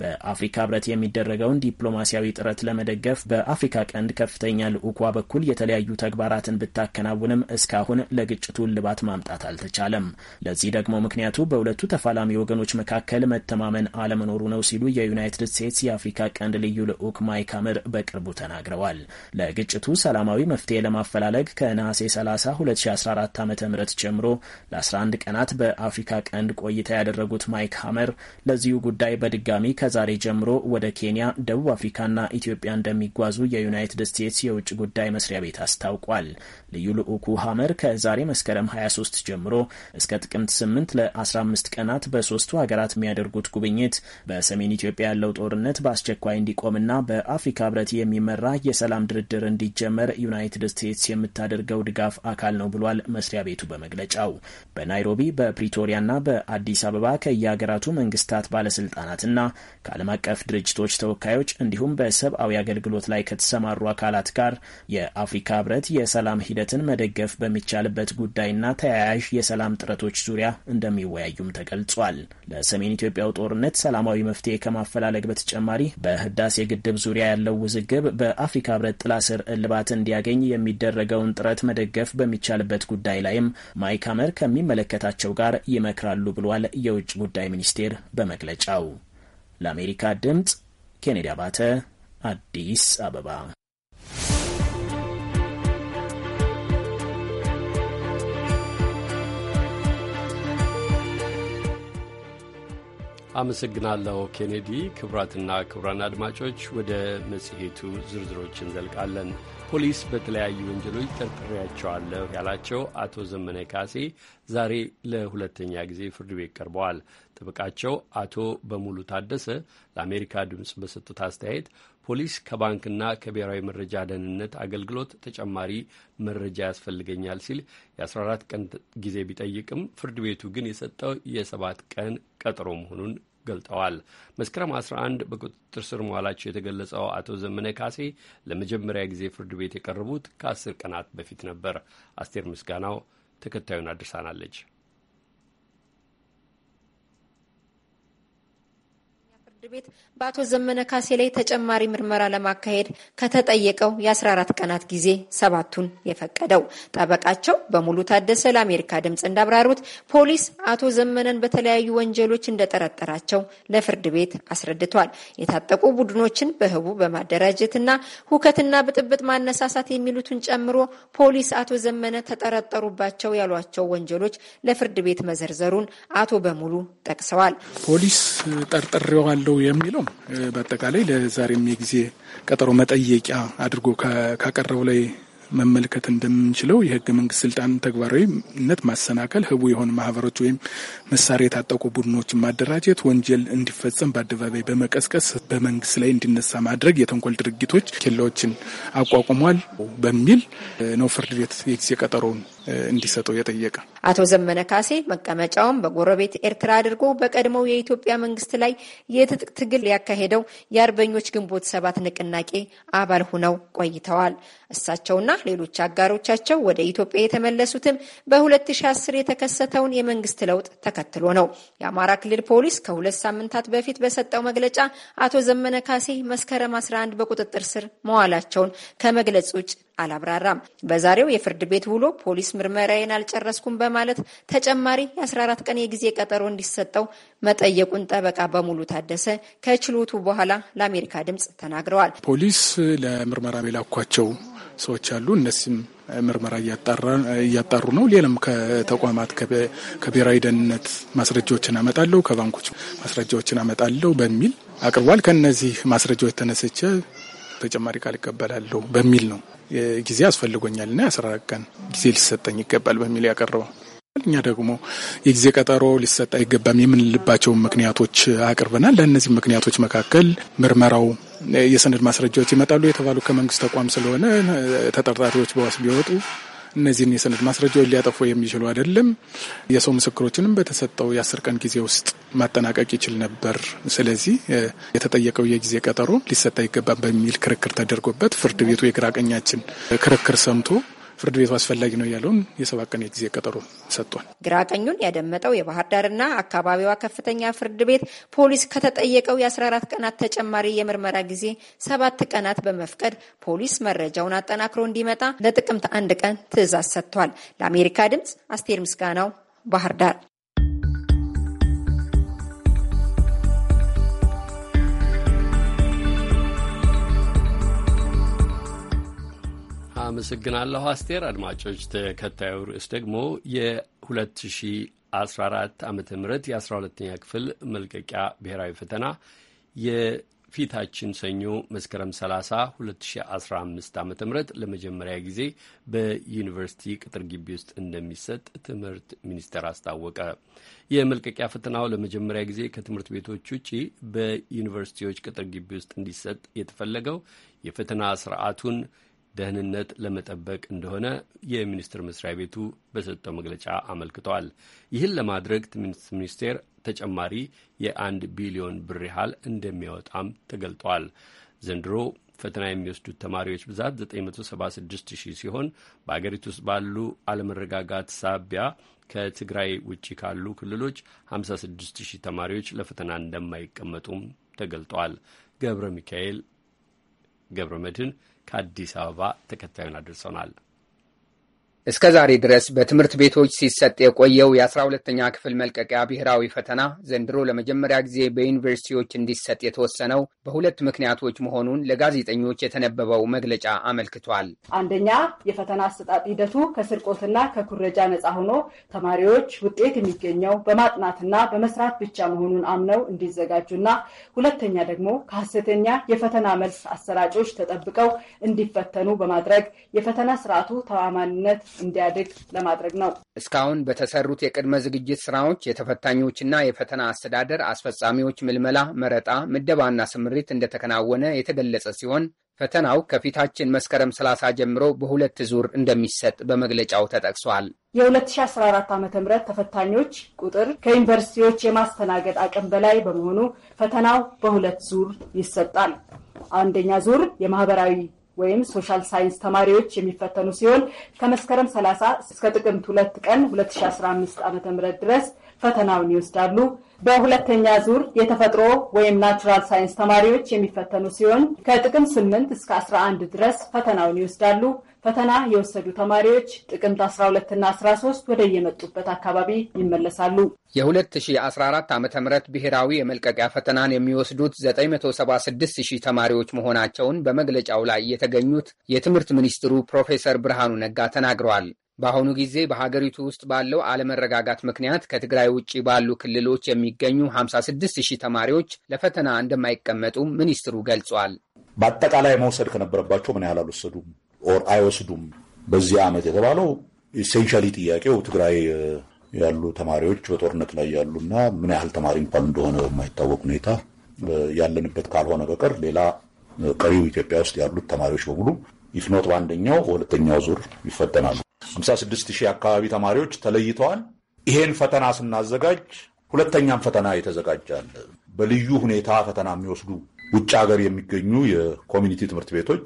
በአፍሪካ ህብረት የሚደረገውን ዲፕሎማሲያዊ ጥረት ለመደገፍ በአፍሪካ ቀንድ ከፍተኛ ልዑኳ በኩል የተለያዩ ተግባራትን ብታከናውንም እስካሁን ለግጭቱ እልባት ማምጣት አልተቻለም። ለዚህ ደግሞ ምክንያቱ በሁለቱ ተፋላሚ ወገኖች መካከል መተማመን አለመኖሩ ነው ሲሉ የዩናይትድ ስቴትስ የአፍሪካ ቀንድ ኔዘርላንድ ልዩ ልዑክ ማይክ አመር በቅርቡ ተናግረዋል። ለግጭቱ ሰላማዊ መፍትሄ ለማፈላለግ ከነሐሴ 30 2014 ዓ ም ጀምሮ ለ11 ቀናት በአፍሪካ ቀንድ ቆይታ ያደረጉት ማይክ ሀመር ለዚሁ ጉዳይ በድጋሚ ከዛሬ ጀምሮ ወደ ኬንያ፣ ደቡብ አፍሪካና ኢትዮጵያ እንደሚጓዙ የዩናይትድ ስቴትስ የውጭ ጉዳይ መስሪያ ቤት አስታውቋል። ልዩ ልዑኩ ሀመር ከዛሬ መስከረም 23 ጀምሮ እስከ ጥቅምት 8 ለ15 ቀናት በሶስቱ ሀገራት የሚያደርጉት ጉብኝት በሰሜን ኢትዮጵያ ያለው ጦርነት በአስቸኳይ እንዲቆምና በአፍሪካ ህብረት የሚመራ የሰላም ድርድር እንዲጀመር ዩናይትድ ስቴትስ የምታደርገው ድጋፍ አካል ነው ብሏል መስሪያ ቤቱ በመግለጫው። በናይሮቢ በፕሪቶሪያና በአዲስ አበባ ከየሀገራቱ መንግስታት ባለስልጣናትና ከዓለም አቀፍ ድርጅቶች ተወካዮች እንዲሁም በሰብአዊ አገልግሎት ላይ ከተሰማሩ አካላት ጋር የአፍሪካ ህብረት የሰላም ሂደትን መደገፍ በሚቻልበት ጉዳይና ተያያዥ የሰላም ጥረቶች ዙሪያ እንደሚወያዩም ተገልጿል። ለሰሜን ኢትዮጵያው ጦርነት ሰላማዊ መፍትሄ ከማፈላለግ በተጨማሪ በ በህዳሴ ግድብ ዙሪያ ያለው ውዝግብ በአፍሪካ ህብረት ጥላ ስር እልባት እንዲያገኝ የሚደረገውን ጥረት መደገፍ በሚቻልበት ጉዳይ ላይም ማይክ ሀመር ከሚመለከታቸው ጋር ይመክራሉ ብሏል የውጭ ጉዳይ ሚኒስቴር በመግለጫው። ለአሜሪካ ድምጽ ኬኔዲ አባተ አዲስ አበባ አመሰግናለሁ ኬኔዲ። ክቡራትና ክቡራን አድማጮች ወደ መጽሔቱ ዝርዝሮች እንዘልቃለን። ፖሊስ በተለያዩ ወንጀሎች ጠርጥሬያቸዋለሁ ያላቸው አቶ ዘመነ ካሴ ዛሬ ለሁለተኛ ጊዜ ፍርድ ቤት ቀርበዋል። ጠበቃቸው አቶ በሙሉ ታደሰ ለአሜሪካ ድምፅ በሰጡት አስተያየት ፖሊስ ከባንክና ከብሔራዊ መረጃ ደህንነት አገልግሎት ተጨማሪ መረጃ ያስፈልገኛል ሲል የ14 ቀን ጊዜ ቢጠይቅም ፍርድ ቤቱ ግን የሰጠው የሰባት ቀን ቀጠሮ መሆኑን ገልጠዋል። መስከረም 11 በቁጥጥር ስር መዋላቸው የተገለጸው አቶ ዘመነ ካሴ ለመጀመሪያ ጊዜ ፍርድ ቤት የቀረቡት ከአስር ቀናት በፊት ነበር። አስቴር ምስጋናው ተከታዩን አድርሳናለች። ፍርድ ቤት በአቶ ዘመነ ካሴ ላይ ተጨማሪ ምርመራ ለማካሄድ ከተጠየቀው የ14 ቀናት ጊዜ ሰባቱን የፈቀደው ጠበቃቸው በሙሉ ታደሰ ለአሜሪካ ድምፅ እንዳብራሩት ፖሊስ አቶ ዘመነን በተለያዩ ወንጀሎች እንደጠረጠራቸው ለፍርድ ቤት አስረድቷል። የታጠቁ ቡድኖችን በህቡ በማደራጀትና ሁከትና ብጥብጥ ማነሳሳት የሚሉትን ጨምሮ ፖሊስ አቶ ዘመነ ተጠረጠሩባቸው ያሏቸው ወንጀሎች ለፍርድ ቤት መዘርዘሩን አቶ በሙሉ ጠቅሰዋል። ፖሊስ ጠርጥሬዋለሁ አለው የሚለው በአጠቃላይ ለዛሬም የጊዜ ቀጠሮ መጠየቂያ አድርጎ ካቀረቡ ላይ መመልከት እንደምንችለው የህገ መንግስት ስልጣን ተግባራዊነት ማሰናከል፣ ህቡ የሆኑ ማህበሮች ወይም መሳሪያ የታጠቁ ቡድኖችን ማደራጀት፣ ወንጀል እንዲፈጸም በአደባባይ በመቀስቀስ በመንግስት ላይ እንዲነሳ ማድረግ፣ የተንኮል ድርጊቶች ኬላዎችን አቋቁሟል በሚል ነው ፍርድ ቤት የጊዜ ቀጠሮውን እንዲሰጡ የጠየቀ አቶ ዘመነ ካሴ መቀመጫውን በጎረቤት ኤርትራ አድርጎ በቀድሞው የኢትዮጵያ መንግስት ላይ የትጥቅ ትግል ያካሄደው የአርበኞች ግንቦት ሰባት ንቅናቄ አባል ሆነው ቆይተዋል። እሳቸውና ሌሎች አጋሮቻቸው ወደ ኢትዮጵያ የተመለሱትም በ2010 የተከሰተውን የመንግስት ለውጥ ተከትሎ ነው። የአማራ ክልል ፖሊስ ከሁለት ሳምንታት በፊት በሰጠው መግለጫ አቶ ዘመነ ካሴ መስከረም 11 በቁጥጥር ስር መዋላቸውን ከመግለጽ ውጭ አላብራራም። በዛሬው የፍርድ ቤት ውሎ ፖሊስ ምርመራዬን አልጨረስኩም በማለት ተጨማሪ የ14 ቀን የጊዜ ቀጠሮ እንዲሰጠው መጠየቁን ጠበቃ በሙሉ ታደሰ ከችሎቱ በኋላ ለአሜሪካ ድምፅ ተናግረዋል። ፖሊስ ለምርመራ የላኳቸው ሰዎች አሉ። እነዚህም ምርመራ እያጣሩ ነው። ሌላም ከተቋማት ከብሔራዊ ደህንነት ማስረጃዎችን አመጣለሁ፣ ከባንኮች ማስረጃዎችን አመጣለሁ በሚል አቅርቧል። ከእነዚህ ማስረጃዎች ተነስቼ ተጨማሪ ቃል ይቀበላለሁ በሚል ነው ጊዜ አስፈልጎኛል የአስራ አራት ቀን ጊዜ ሊሰጠኝ ይገባል በሚል ያቀረበው እኛ ደግሞ የጊዜ ቀጠሮ ሊሰጥ አይገባም የምንልባቸውን ምክንያቶች አቅርበናል። ለእነዚህ ምክንያቶች መካከል ምርመራው፣ የሰነድ ማስረጃዎች ይመጣሉ የተባሉ ከመንግስት ተቋም ስለሆነ ተጠርጣሪዎች በዋስ ቢወጡ እነዚህን የሰነድ ማስረጃዎች ሊያጠፉ የሚችሉ አይደለም። የሰው ምስክሮችንም በተሰጠው የአስር ቀን ጊዜ ውስጥ ማጠናቀቅ ይችል ነበር። ስለዚህ የተጠየቀው የጊዜ ቀጠሮ ሊሰጥ አይገባም በሚል ክርክር ተደርጎበት ፍርድ ቤቱ የግራቀኛችን ክርክር ሰምቶ ፍርድ ቤቱ አስፈላጊ ነው ያለውን የሰባ ቀን የጊዜ ቀጠሮ ሰጥቷል። ግራቀኙን ያደመጠው የባህር ዳርና አካባቢዋ ከፍተኛ ፍርድ ቤት ፖሊስ ከተጠየቀው የ14 ቀናት ተጨማሪ የምርመራ ጊዜ ሰባት ቀናት በመፍቀድ ፖሊስ መረጃውን አጠናክሮ እንዲመጣ ለጥቅምት አንድ ቀን ትዕዛዝ ሰጥቷል። ለአሜሪካ ድምፅ አስቴር ምስጋናው ባህር ዳር አመሰግናለሁ አስቴር። አድማጮች፣ ተከታዩ ርዕስ ደግሞ የ2014 ዓ ም የ12ኛ ክፍል መልቀቂያ ብሔራዊ ፈተና የፊታችን ሰኞ መስከረም 30 2015 ዓ ም ለመጀመሪያ ጊዜ በዩኒቨርሲቲ ቅጥር ግቢ ውስጥ እንደሚሰጥ ትምህርት ሚኒስቴር አስታወቀ። የመልቀቂያ ፈተናው ለመጀመሪያ ጊዜ ከትምህርት ቤቶች ውጪ በዩኒቨርሲቲዎች ቅጥር ግቢ ውስጥ እንዲሰጥ የተፈለገው የፈተና ስርዓቱን ደህንነት ለመጠበቅ እንደሆነ የሚኒስቴር መስሪያ ቤቱ በሰጠው መግለጫ አመልክተዋል። ይህን ለማድረግ ትምህርት ሚኒስቴር ተጨማሪ የአንድ ቢሊዮን ብር ያህል እንደሚያወጣም ተገልጧል። ዘንድሮ ፈተና የሚወስዱት ተማሪዎች ብዛት 976 ሺህ ሲሆን በአገሪቱ ውስጥ ባሉ አለመረጋጋት ሳቢያ ከትግራይ ውጭ ካሉ ክልሎች 56 ሺህ ተማሪዎች ለፈተና እንደማይቀመጡም ተገልጧል። ገብረ ሚካኤል ገብረ መድህን ከአዲስ አበባ ተከታዩን አድርሰናል። እስከ ዛሬ ድረስ በትምህርት ቤቶች ሲሰጥ የቆየው 12 ሁለተኛ ክፍል መልቀቂያ ብሔራዊ ፈተና ዘንድሮ ለመጀመሪያ ጊዜ በዩኒቨርሲቲዎች እንዲሰጥ የተወሰነው በሁለት ምክንያቶች መሆኑን ለጋዜጠኞች የተነበበው መግለጫ አመልክቷል። አንደኛ የፈተና አሰጣጥ ሂደቱ ከስርቆትና ከኩረጃ ነፃ ሆኖ ተማሪዎች ውጤት የሚገኘው በማጥናትና በመስራት ብቻ መሆኑን አምነው እንዲዘጋጁና ሁለተኛ ደግሞ ከሀሰተኛ የፈተና መልስ አሰራጮች ተጠብቀው እንዲፈተኑ በማድረግ የፈተና ስርዓቱ ተአማኒነት እንዲያድግ ለማድረግ ነው። እስካሁን በተሰሩት የቅድመ ዝግጅት ስራዎች የተፈታኞችና የፈተና አስተዳደር አስፈጻሚዎች ምልመላ፣ መረጣ፣ ምደባና ስምሪት እንደተከናወነ የተገለጸ ሲሆን ፈተናው ከፊታችን መስከረም 30 ጀምሮ በሁለት ዙር እንደሚሰጥ በመግለጫው ተጠቅሷል። የ2014 ዓ ም ተፈታኞች ቁጥር ከዩኒቨርሲቲዎች የማስተናገድ አቅም በላይ በመሆኑ ፈተናው በሁለት ዙር ይሰጣል። አንደኛ ዙር የማህበራዊ ወይም ሶሻል ሳይንስ ተማሪዎች የሚፈተኑ ሲሆን ከመስከረም 30 እስከ ጥቅምት ሁለት ቀን 2015 ዓ ም ድረስ ፈተናውን ይወስዳሉ። በሁለተኛ ዙር የተፈጥሮ ወይም ናቹራል ሳይንስ ተማሪዎች የሚፈተኑ ሲሆን ከጥቅም 8 እስከ 11 ድረስ ፈተናውን ይወስዳሉ። ፈተና የወሰዱ ተማሪዎች ጥቅምት 12ና 13 ወደ የመጡበት አካባቢ ይመለሳሉ። የ2014 ዓ ም ብሔራዊ የመልቀቂያ ፈተናን የሚወስዱት 976 ሺህ ተማሪዎች መሆናቸውን በመግለጫው ላይ የተገኙት የትምህርት ሚኒስትሩ ፕሮፌሰር ብርሃኑ ነጋ ተናግረዋል። በአሁኑ ጊዜ በሀገሪቱ ውስጥ ባለው አለመረጋጋት ምክንያት ከትግራይ ውጭ ባሉ ክልሎች የሚገኙ 56 ሺህ ተማሪዎች ለፈተና እንደማይቀመጡ ሚኒስትሩ ገልጿል። በአጠቃላይ መውሰድ ከነበረባቸው ምን ያህል አልወሰዱም? ኦር አይወስዱም በዚህ ዓመት የተባለው ኢሴንሻሊ ጥያቄው ትግራይ ያሉ ተማሪዎች በጦርነት ላይ ያሉና ምን ያህል ተማሪ እንኳን እንደሆነ በማይታወቅ ሁኔታ ያለንበት ካልሆነ በቀር ሌላ ቀሪው ኢትዮጵያ ውስጥ ያሉት ተማሪዎች በሙሉ ኢፍኖት በአንደኛው በሁለተኛው ዙር ይፈተናሉ። 56 ሺህ አካባቢ ተማሪዎች ተለይተዋል። ይሄን ፈተና ስናዘጋጅ ሁለተኛም ፈተና የተዘጋጃል። በልዩ ሁኔታ ፈተና የሚወስዱ ውጭ ሀገር የሚገኙ የኮሚኒቲ ትምህርት ቤቶች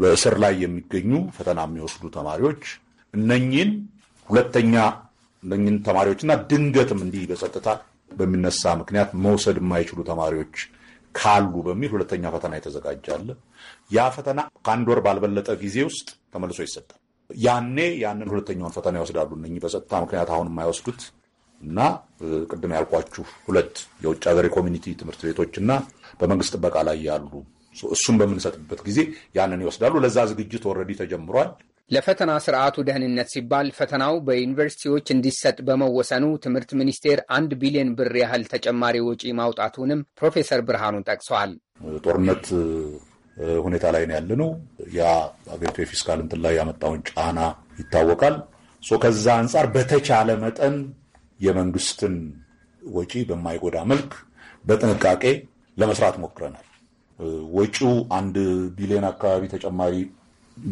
በእስር ላይ የሚገኙ ፈተና የሚወስዱ ተማሪዎች እነኝን ሁለተኛ እነኝን ተማሪዎችና ድንገትም እንዲህ በጸጥታ በሚነሳ ምክንያት መውሰድ የማይችሉ ተማሪዎች ካሉ በሚል ሁለተኛ ፈተና የተዘጋጃለ። ያ ፈተና ከአንድ ወር ባልበለጠ ጊዜ ውስጥ ተመልሶ ይሰጣል። ያኔ ያንን ሁለተኛውን ፈተና ይወስዳሉ። እነኚህ በጸጥታ ምክንያት አሁን የማይወስዱት እና ቅድም ያልኳችሁ ሁለት የውጭ ሀገር የኮሚኒቲ ትምህርት ቤቶች እና በመንግስት ጥበቃ ላይ ያሉ እሱን በምንሰጥበት ጊዜ ያንን ይወስዳሉ። ለዛ ዝግጅት ኦልሬዲ ተጀምሯል። ለፈተና ስርዓቱ ደህንነት ሲባል ፈተናው በዩኒቨርሲቲዎች እንዲሰጥ በመወሰኑ ትምህርት ሚኒስቴር አንድ ቢሊዮን ብር ያህል ተጨማሪ ወጪ ማውጣቱንም ፕሮፌሰር ብርሃኑን ጠቅሰዋል። ጦርነት ሁኔታ ላይ ነው ያለነው። ያ አገሪቱ የፊስካል እንትን ላይ ያመጣውን ጫና ይታወቃል። ከዛ አንጻር በተቻለ መጠን የመንግስትን ወጪ በማይጎዳ መልክ በጥንቃቄ ለመስራት ሞክረናል። ወጪው አንድ ቢሊዮን አካባቢ ተጨማሪ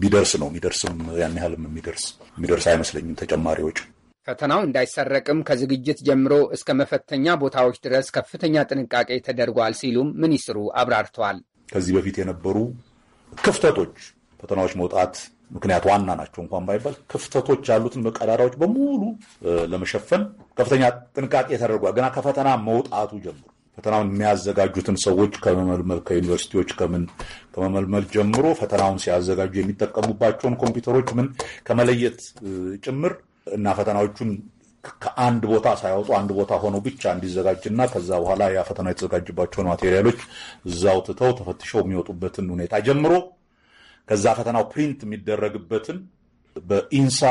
ቢደርስ ነው የሚደርስም ያን ያህልም የሚደርስ የሚደርስ አይመስለኝም ተጨማሪ ወጪ። ፈተናው እንዳይሰረቅም ከዝግጅት ጀምሮ እስከ መፈተኛ ቦታዎች ድረስ ከፍተኛ ጥንቃቄ ተደርጓል ሲሉም ሚኒስትሩ አብራርተዋል። ከዚህ በፊት የነበሩ ክፍተቶች ፈተናዎች መውጣት ምክንያት ዋና ናቸው እንኳን ባይባል ክፍተቶች ያሉትን መቀዳዳዎች በሙሉ ለመሸፈን ከፍተኛ ጥንቃቄ ተደርጓል። ገና ከፈተና መውጣቱ ጀምሮ ፈተናውን የሚያዘጋጁትን ሰዎች ከመመልመል ከዩኒቨርሲቲዎች ከምን ከመመልመል ጀምሮ ፈተናውን ሲያዘጋጁ የሚጠቀሙባቸውን ኮምፒውተሮች ምን ከመለየት ጭምር እና ፈተናዎቹን ከአንድ ቦታ ሳያወጡ አንድ ቦታ ሆነው ብቻ እንዲዘጋጅና ከዛ በኋላ ያ ፈተና የተዘጋጅባቸውን ማቴሪያሎች እዛው ትተው ተፈትሸው የሚወጡበትን ሁኔታ ጀምሮ ከዛ ፈተናው ፕሪንት የሚደረግበትን በኢንሳ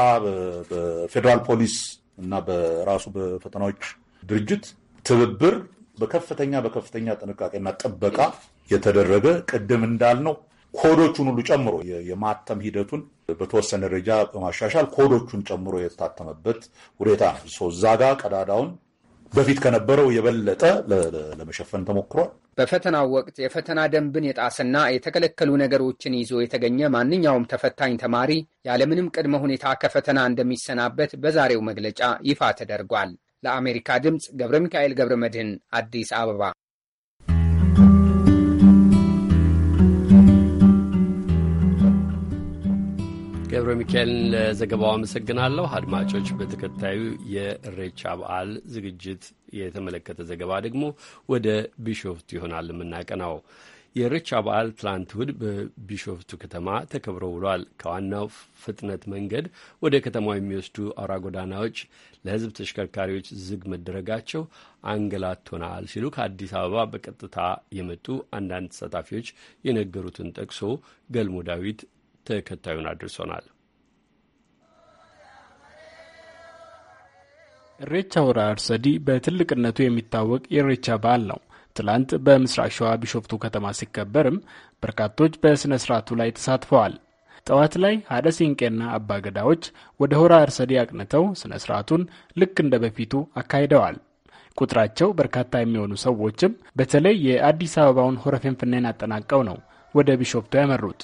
በፌዴራል ፖሊስ እና በራሱ በፈተናዎች ድርጅት ትብብር በከፍተኛ በከፍተኛ ጥንቃቄና ጥበቃ የተደረገ ቅድም እንዳልነው ኮዶቹን ሁሉ ጨምሮ የማተም ሂደቱን በተወሰነ ደረጃ በማሻሻል ኮዶቹን ጨምሮ የታተመበት ሁኔታ ነው። እዛ ጋ ቀዳዳውን በፊት ከነበረው የበለጠ ለመሸፈን ተሞክሯል። በፈተናው ወቅት የፈተና ደንብን የጣሰና የተከለከሉ ነገሮችን ይዞ የተገኘ ማንኛውም ተፈታኝ ተማሪ ያለምንም ቅድመ ሁኔታ ከፈተና እንደሚሰናበት በዛሬው መግለጫ ይፋ ተደርጓል። ለአሜሪካ ድምፅ ገብረ ሚካኤል ገብረ መድህን አዲስ አበባ። ገብረ ሚካኤልን ለዘገባው አመሰግናለሁ። አድማጮች፣ በተከታዩ የእሬቻ በዓል ዝግጅት የተመለከተ ዘገባ ደግሞ ወደ ቢሾፍቱ ይሆናል የምናቀናው። የኢሬቻ በዓል ትላንት እሁድ በቢሾፍቱ ከተማ ተከብሮ ውሏል። ከዋናው ፍጥነት መንገድ ወደ ከተማው የሚወስዱ አውራ ጎዳናዎች ለሕዝብ ተሽከርካሪዎች ዝግ መደረጋቸው አንገላቶናል ሲሉ ከአዲስ አበባ በቀጥታ የመጡ አንዳንድ ተሳታፊዎች የነገሩትን ጠቅሶ ገልሞ ዳዊት ተከታዩን አድርሶናል። ኢሬቻ ሆራ አርሰዲ በትልቅነቱ የሚታወቅ የኢሬቻ በዓል ነው። ትላንት በምስራቅ ሸዋ ቢሾፍቱ ከተማ ሲከበርም በርካቶች በሥነ ሥርዓቱ ላይ ተሳትፈዋል። ጠዋት ላይ ሀደ ሲንቄና አባገዳዎች ወደ ሆራ እርሰዴ አቅንተው ሥነ ሥርዓቱን ልክ እንደ በፊቱ አካሂደዋል። ቁጥራቸው በርካታ የሚሆኑ ሰዎችም በተለይ የአዲስ አበባውን ሆረ ፊንፊኔን አጠናቀው ነው ወደ ቢሾፍቱ ያመሩት።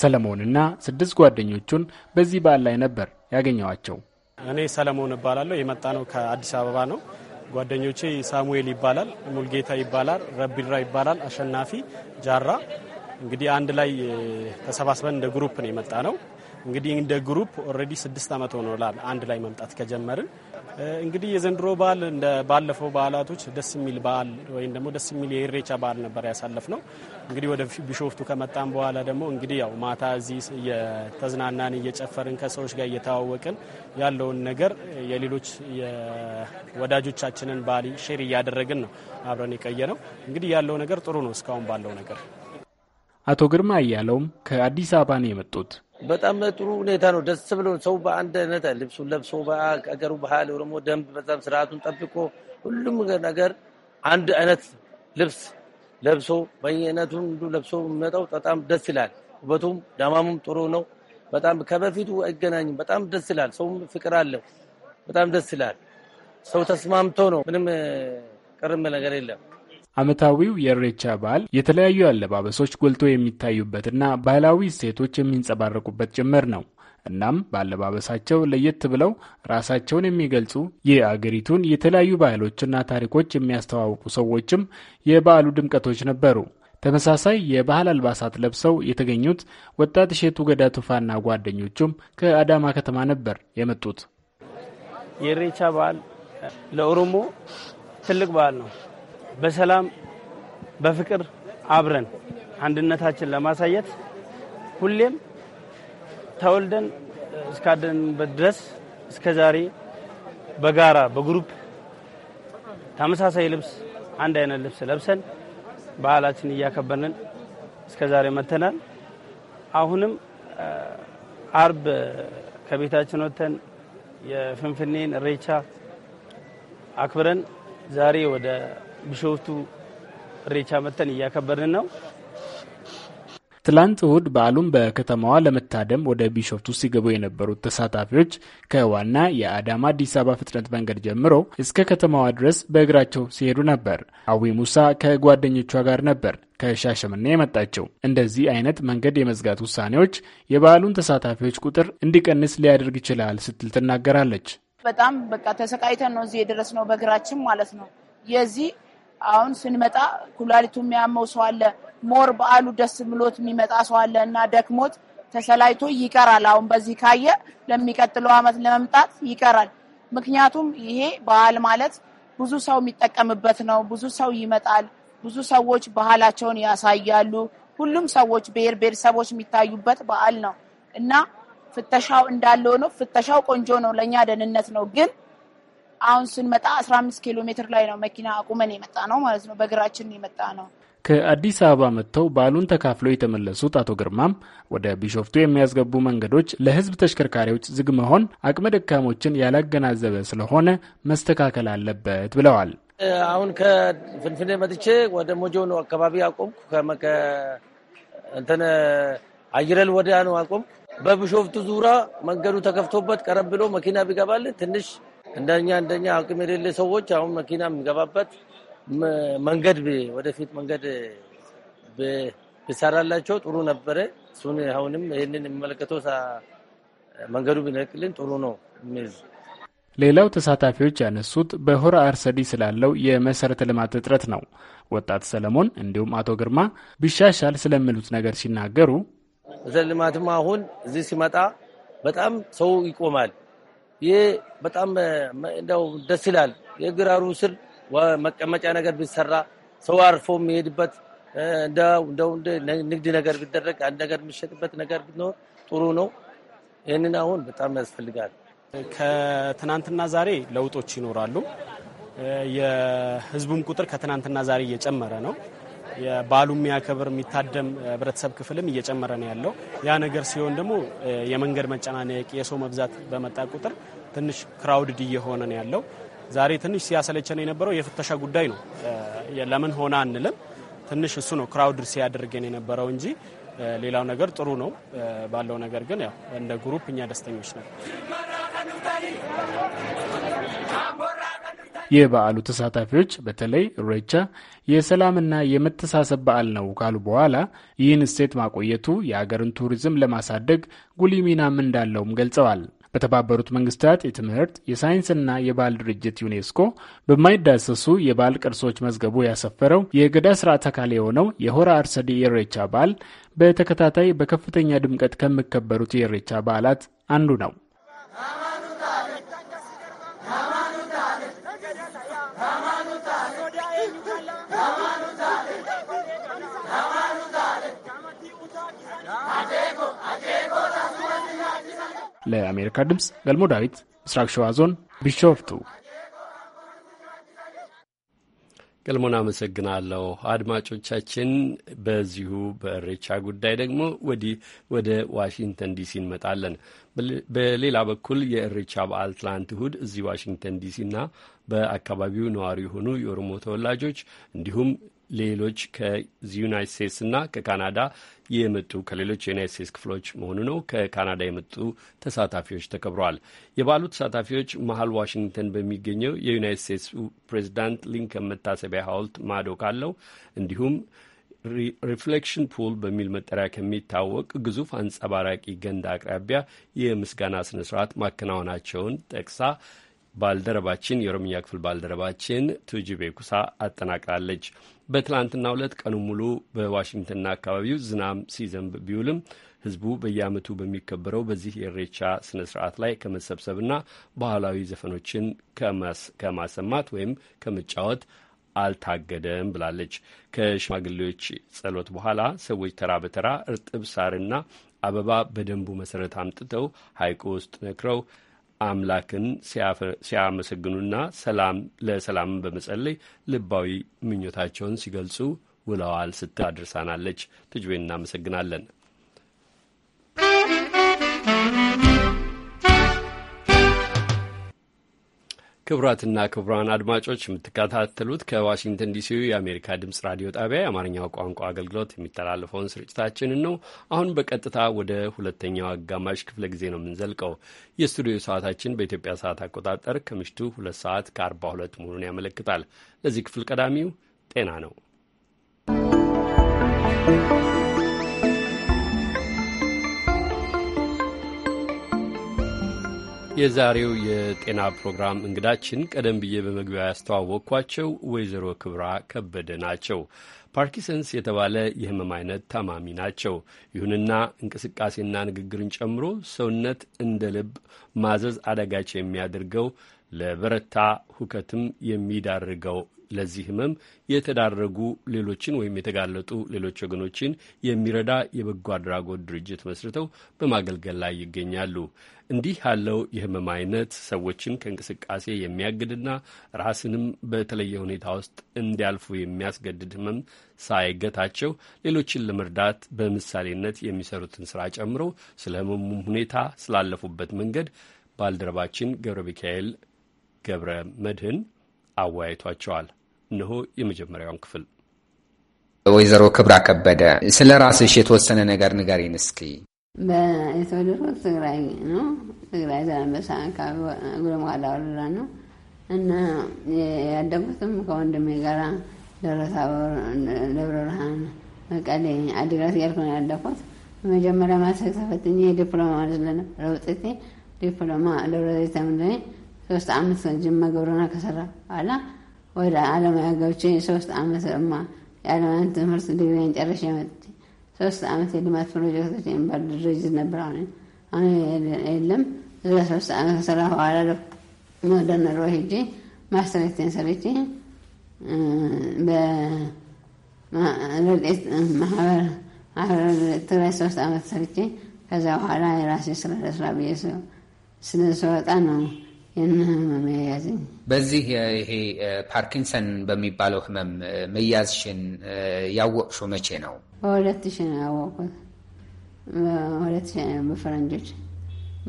ሰለሞንና ስድስት ጓደኞቹን በዚህ በዓል ላይ ነበር ያገኘዋቸው። እኔ ሰለሞን እባላለሁ። የመጣ ነው ከአዲስ አበባ ነው ጓደኞቼ ሳሙኤል ይባላል፣ ሙልጌታ ይባላል፣ ረቢድራ ይባላል፣ አሸናፊ ጃራ እንግዲህ አንድ ላይ ተሰባስበን እንደ ግሩፕ ነው የመጣ ነው። እንግዲህ እንደ ግሩፕ ኦልሬዲ ስድስት ዓመት ሆኖላል አንድ ላይ መምጣት ከጀመርን። እንግዲህ የዘንድሮ በዓል እንደ ባለፈው በዓላቶች ደስ የሚል በዓል ወይም ደግሞ ደስ የሚል የኢሬቻ በዓል ነበር ያሳለፍ ነው። እንግዲህ ወደ ቢሾፍቱ ከመጣን በኋላ ደግሞ እንግዲህ ያው ማታ እዚህ እየተዝናናን እየጨፈርን ከሰዎች ጋር እየተዋወቅን ያለውን ነገር የሌሎች ወዳጆቻችንን ባህል ሼር እያደረግን ነው አብረን የቀየነው። እንግዲህ ያለው ነገር ጥሩ ነው እስካሁን ባለው ነገር። አቶ ግርማ እያለውም ከአዲስ አበባ ነው የመጡት በጣም ጥሩ ሁኔታ ነው። ደስ ብሎ ሰው በአንድ አይነት ልብሱን ለብሶ አገሩ ባህል ደግሞ ደንብ በጣም ስርዓቱን ጠብቆ ሁሉም ነገር አንድ አይነት ልብስ ለብሶ በየአይነቱን ለብሶ የሚመጣው በጣም ደስ ይላል። ውበቱም ዳማሙም ጥሩ ነው። በጣም ከበፊቱ አይገናኝም። በጣም ደስ ይላል። ሰውም ፍቅር አለው። በጣም ደስ ይላል። ሰው ተስማምቶ ነው። ምንም ቅርም ነገር የለም። ዓመታዊው የእሬቻ በዓል የተለያዩ አለባበሶች ጎልቶ የሚታዩበትና ባህላዊ እሴቶች የሚንጸባረቁበት ጭምር ነው። እናም በአለባበሳቸው ለየት ብለው ራሳቸውን የሚገልጹ የአገሪቱን የተለያዩ ባህሎችና ታሪኮች የሚያስተዋውቁ ሰዎችም የበዓሉ ድምቀቶች ነበሩ። ተመሳሳይ የባህል አልባሳት ለብሰው የተገኙት ወጣት ሼቱ ገዳ ቱፋና ጓደኞቹም ከአዳማ ከተማ ነበር የመጡት። የኢሬቻ በዓል ለኦሮሞ ትልቅ በዓል ነው። በሰላም በፍቅር አብረን አንድነታችን ለማሳየት ሁሌም ተወልደን እስካደንበት ድረስ እስከ ዛሬ በጋራ በግሩፕ ተመሳሳይ ልብስ አንድ አይነት ልብስ ለብሰን ባህላችን እያከበርን እስከ ዛሬ መተናል። አሁንም አርብ ከቤታችን ወጥተን የፍንፍኔን ሬቻ አክብረን ዛሬ ወደ ቢሾፍቱ ሬቻ መተን እያከበርን ነው። ትላንት እሁድ በዓሉን በከተማዋ ለመታደም ወደ ቢሾፍቱ ሲገቡ የነበሩት ተሳታፊዎች ከዋና የአዳማ አዲስ አበባ ፍጥነት መንገድ ጀምሮ እስከ ከተማዋ ድረስ በእግራቸው ሲሄዱ ነበር። አዊ ሙሳ ከጓደኞቿ ጋር ነበር ከሻሸምና የመጣቸው። እንደዚህ አይነት መንገድ የመዝጋት ውሳኔዎች የበዓሉን ተሳታፊዎች ቁጥር እንዲቀንስ ሊያደርግ ይችላል ስትል ትናገራለች። በጣም በቃ ተሰቃይተን ነው እዚህ የደረስነው በእግራችን ማለት ነው የዚህ አሁን ስንመጣ ኩላሊቱ የሚያመው ሰው አለ። ሞር በዓሉ ደስ ብሎት የሚመጣ ሰው አለ እና ደክሞት ተሰላይቶ ይቀራል። አሁን በዚህ ካየ ለሚቀጥለው ዓመት ለመምጣት ይቀራል። ምክንያቱም ይሄ በዓል ማለት ብዙ ሰው የሚጠቀምበት ነው። ብዙ ሰው ይመጣል። ብዙ ሰዎች ባህላቸውን ያሳያሉ። ሁሉም ሰዎች ብሔር ብሔረሰቦች የሚታዩበት በዓል ነው እና ፍተሻው እንዳለ ነው። ፍተሻው ቆንጆ ነው፣ ለእኛ ደህንነት ነው ግን አሁን ስንመጣ አስራ አምስት ኪሎ ሜትር ላይ ነው መኪና አቁመን የመጣ ነው ማለት ነው። በእግራችን የመጣ ነው። ከአዲስ አበባ መጥተው በዓሉን ተካፍለው የተመለሱት አቶ ግርማም ወደ ቢሾፍቱ የሚያስገቡ መንገዶች ለሕዝብ ተሽከርካሪዎች ዝግ መሆን አቅመ ደካሞችን ያላገናዘበ ስለሆነ መስተካከል አለበት ብለዋል። አሁን ከፍንፍኔ መጥቼ ወደ ሞጆ ነው አካባቢ አቆምኩ። እንትን አየለል ወዲያ ነው አቆምኩ። በቢሾፍቱ ዙራ መንገዱ ተከፍቶበት ቀረብ ብሎ መኪና ቢገባልን ትንሽ እንደኛ እንደኛ አቅም የሌለ ሰዎች አሁን መኪና የሚገባበት መንገድ ወደፊት መንገድ ብሰራላቸው ጥሩ ነበረ። እሱን አሁንም ይህንን የሚመለከተው መንገዱ ቢነቅልን ጥሩ ነው ሌላው ተሳታፊዎች ያነሱት በሆራ አርሰዲ ስላለው የመሰረተ ልማት እጥረት ነው። ወጣት ሰለሞን እንዲሁም አቶ ግርማ ቢሻሻል ስለሚሉት ነገር ሲናገሩ መሰረተ ልማትም አሁን እዚህ ሲመጣ በጣም ሰው ይቆማል። ይህ በጣም እንደው ደስ ይላል። የግራሩ ስር መቀመጫ ነገር ቢሰራ ሰው አርፎ የሚሄድበት እንደው ንግድ ነገር ቢደረግ አንድ ነገር የሚሸጥበት ነገር ቢኖር ጥሩ ነው። ይህንን አሁን በጣም ያስፈልጋል። ከትናንትና ዛሬ ለውጦች ይኖራሉ። የህዝቡም ቁጥር ከትናንትና ዛሬ እየጨመረ ነው። የባሉ የሚያከብር የሚታደም ህብረተሰብ ክፍልም እየጨመረ ነው ያለው። ያ ነገር ሲሆን ደግሞ የመንገድ መጨናነቅ፣ የሰው መብዛት በመጣ ቁጥር ትንሽ ክራውድድ እየሆነ ነው ያለው። ዛሬ ትንሽ ሲያሰለቸን የነበረው የፍተሻ ጉዳይ ነው። ለምን ሆነ አንልም። ትንሽ እሱ ነው ክራውድ ሲያደርገን የነበረው እንጂ ሌላው ነገር ጥሩ ነው ባለው ነገር ግን ያው እንደ ግሩፕ እኛ ደስተኞች ነን። የበዓሉ ተሳታፊዎች በተለይ ሬቻ የሰላምና የመተሳሰብ በዓል ነው ካሉ በኋላ ይህን እሴት ማቆየቱ የአገርን ቱሪዝም ለማሳደግ ጉልህ ሚናም እንዳለውም ገልጸዋል። በተባበሩት መንግስታት የትምህርት የሳይንስና የባህል ድርጅት ዩኔስኮ በማይዳሰሱ የባህል ቅርሶች መዝገቡ ያሰፈረው የገዳ ስርዓት አካል የሆነው የሆራ አርሰዲ የሬቻ በዓል በተከታታይ በከፍተኛ ድምቀት ከሚከበሩት የሬቻ በዓላት አንዱ ነው። ለአሜሪካ ድምፅ ገልሞ ዳዊት ምስራቅ ሸዋ ዞን ቢሾፍቱ። ገልሞን አመሰግናለሁ። አድማጮቻችን፣ በዚሁ በእሬቻ ጉዳይ ደግሞ ወዲህ ወደ ዋሽንግተን ዲሲ እንመጣለን። በሌላ በኩል የእሬቻ በዓል ትላንት እሁድ እዚህ ዋሽንግተን ዲሲና በአካባቢው ነዋሪ የሆኑ የኦሮሞ ተወላጆች እንዲሁም ሌሎች ከዩናይት ስቴትስና ከካናዳ የመጡ ከሌሎች የዩናይት ስቴትስ ክፍሎች መሆኑ ነው። ከካናዳ የመጡ ተሳታፊዎች ተከብረዋል። የባሉ ተሳታፊዎች መሀል ዋሽንግተን በሚገኘው የዩናይት ስቴትሱ ፕሬዚዳንት ሊንከን መታሰቢያ ሐውልት ማዶ ካለው እንዲሁም ሪፍሌክሽን ፑል በሚል መጠሪያ ከሚታወቅ ግዙፍ አንጸባራቂ ገንዳ አቅራቢያ የምስጋና ስነ ስርዓት ማከናወናቸውን ጠቅሳ ባልደረባችን የኦሮምኛ ክፍል ባልደረባችን ቱጂቤ ኩሳ አጠናቅራለች። በትላንትና ዕለት ቀኑ ሙሉ በዋሽንግተንና አካባቢው ዝናብ ሲዘንብ ቢውልም ህዝቡ በየዓመቱ በሚከበረው በዚህ የሬቻ ስነ ስርዓት ላይ ከመሰብሰብና ባህላዊ ዘፈኖችን ከማሰማት ወይም ከመጫወት አልታገደም ብላለች። ከሽማግሌዎች ጸሎት በኋላ ሰዎች ተራ በተራ እርጥብ ሳርና አበባ በደንቡ መሰረት አምጥተው ሐይቁ ውስጥ ነክረው አምላክን ሲያመሰግኑና ሰላም ለሰላም በመጸለይ ልባዊ ምኞታቸውን ሲገልጹ ውለዋል ስትል አድርሳናለች። ትጅቤን እናመሰግናለን። ክቡራትና ክቡራን አድማጮች የምትከታተሉት ከዋሽንግተን ዲሲ የአሜሪካ ድምፅ ራዲዮ ጣቢያ የአማርኛው ቋንቋ አገልግሎት የሚተላለፈውን ስርጭታችንን ነው። አሁን በቀጥታ ወደ ሁለተኛው አጋማሽ ክፍለ ጊዜ ነው የምንዘልቀው። የስቱዲዮ ሰዓታችን በኢትዮጵያ ሰዓት አቆጣጠር ከምሽቱ ሁለት ሰዓት ከአርባ ሁለት መሆኑን ያመለክታል። ለዚህ ክፍል ቀዳሚው ጤና ነው። የዛሬው የጤና ፕሮግራም እንግዳችን ቀደም ብዬ በመግቢያ ያስተዋወቅኳቸው ወይዘሮ ክብራ ከበደ ናቸው። ፓርኪንሰንስ የተባለ የህመም አይነት ታማሚ ናቸው። ይሁንና እንቅስቃሴና ንግግርን ጨምሮ ሰውነት እንደ ልብ ማዘዝ አዳጋች የሚያደርገው ለበረታ ሁከትም የሚዳርገው ለዚህ ህመም የተዳረጉ ሌሎችን ወይም የተጋለጡ ሌሎች ወገኖችን የሚረዳ የበጎ አድራጎት ድርጅት መስርተው በማገልገል ላይ ይገኛሉ። እንዲህ ያለው የህመም አይነት ሰዎችን ከእንቅስቃሴ የሚያግድና ራስንም በተለየ ሁኔታ ውስጥ እንዲያልፉ የሚያስገድድ ህመም ሳይገታቸው ሌሎችን ለመርዳት በምሳሌነት የሚሰሩትን ስራ ጨምሮ ስለ ህመሙም ሁኔታ ስላለፉበት መንገድ ባልደረባችን ገብረ ሚካኤል ገብረ መድህን አወያይቷቸዋል። እነሆ የመጀመሪያውን ክፍል። ወይዘሮ ክብራ ከበደ ስለ ራስሽ የተወሰነ ነገር ንገሪን እስኪ። የተወለድኩት ትግራይ ነው። ትግራይ ዛላንበሳ አካባቢ ጉለምዋዳ ወረዳ ነው እና ያደጉትም ከወንድሜ ጋራ ደብረታቦር፣ ደብረ ብርሃን፣ መቀሌ፣ አዲግራት እያልኩ ነው ያደኩት። መጀመሪያ ማትሪክ ተፈትኜ ዲፕሎማ ለውጤቴ ዲፕሎማ ደብረ ዘይት ሶስት አምስት ጅማ ግብርና ከሰራ በኋላ ወደ አለማያ ገብቼ ሶስት አመት እማ የአለማያን ትምህርት ዲግሪን ጨርሼ መጥቼ ሶስት አመት የልማት ፕሮጀክቶች የሚባል ድርጅት ነበር። አሁን አሁን የለም። እዛ ሶስት ዓመት ከሰራ በኋላ ወደ ኖርዌ ሄጄ ማስተሬቴን ሰርቼ በረድኤት ማህበር ትግራይ ሶስት አመት ሰርቼ ከዛ በኋላ የራሴ ስራ ለስራ ብዬ ስለስወጣ ነው በዚህ ይሄ ፓርኪንሰን በሚባለው ህመም መያዝሽን ያወቅሹ መቼ ነው? በሁለት ሺህ ነው ያወቅኩት። በሁለት ሺህ በፈረንጆች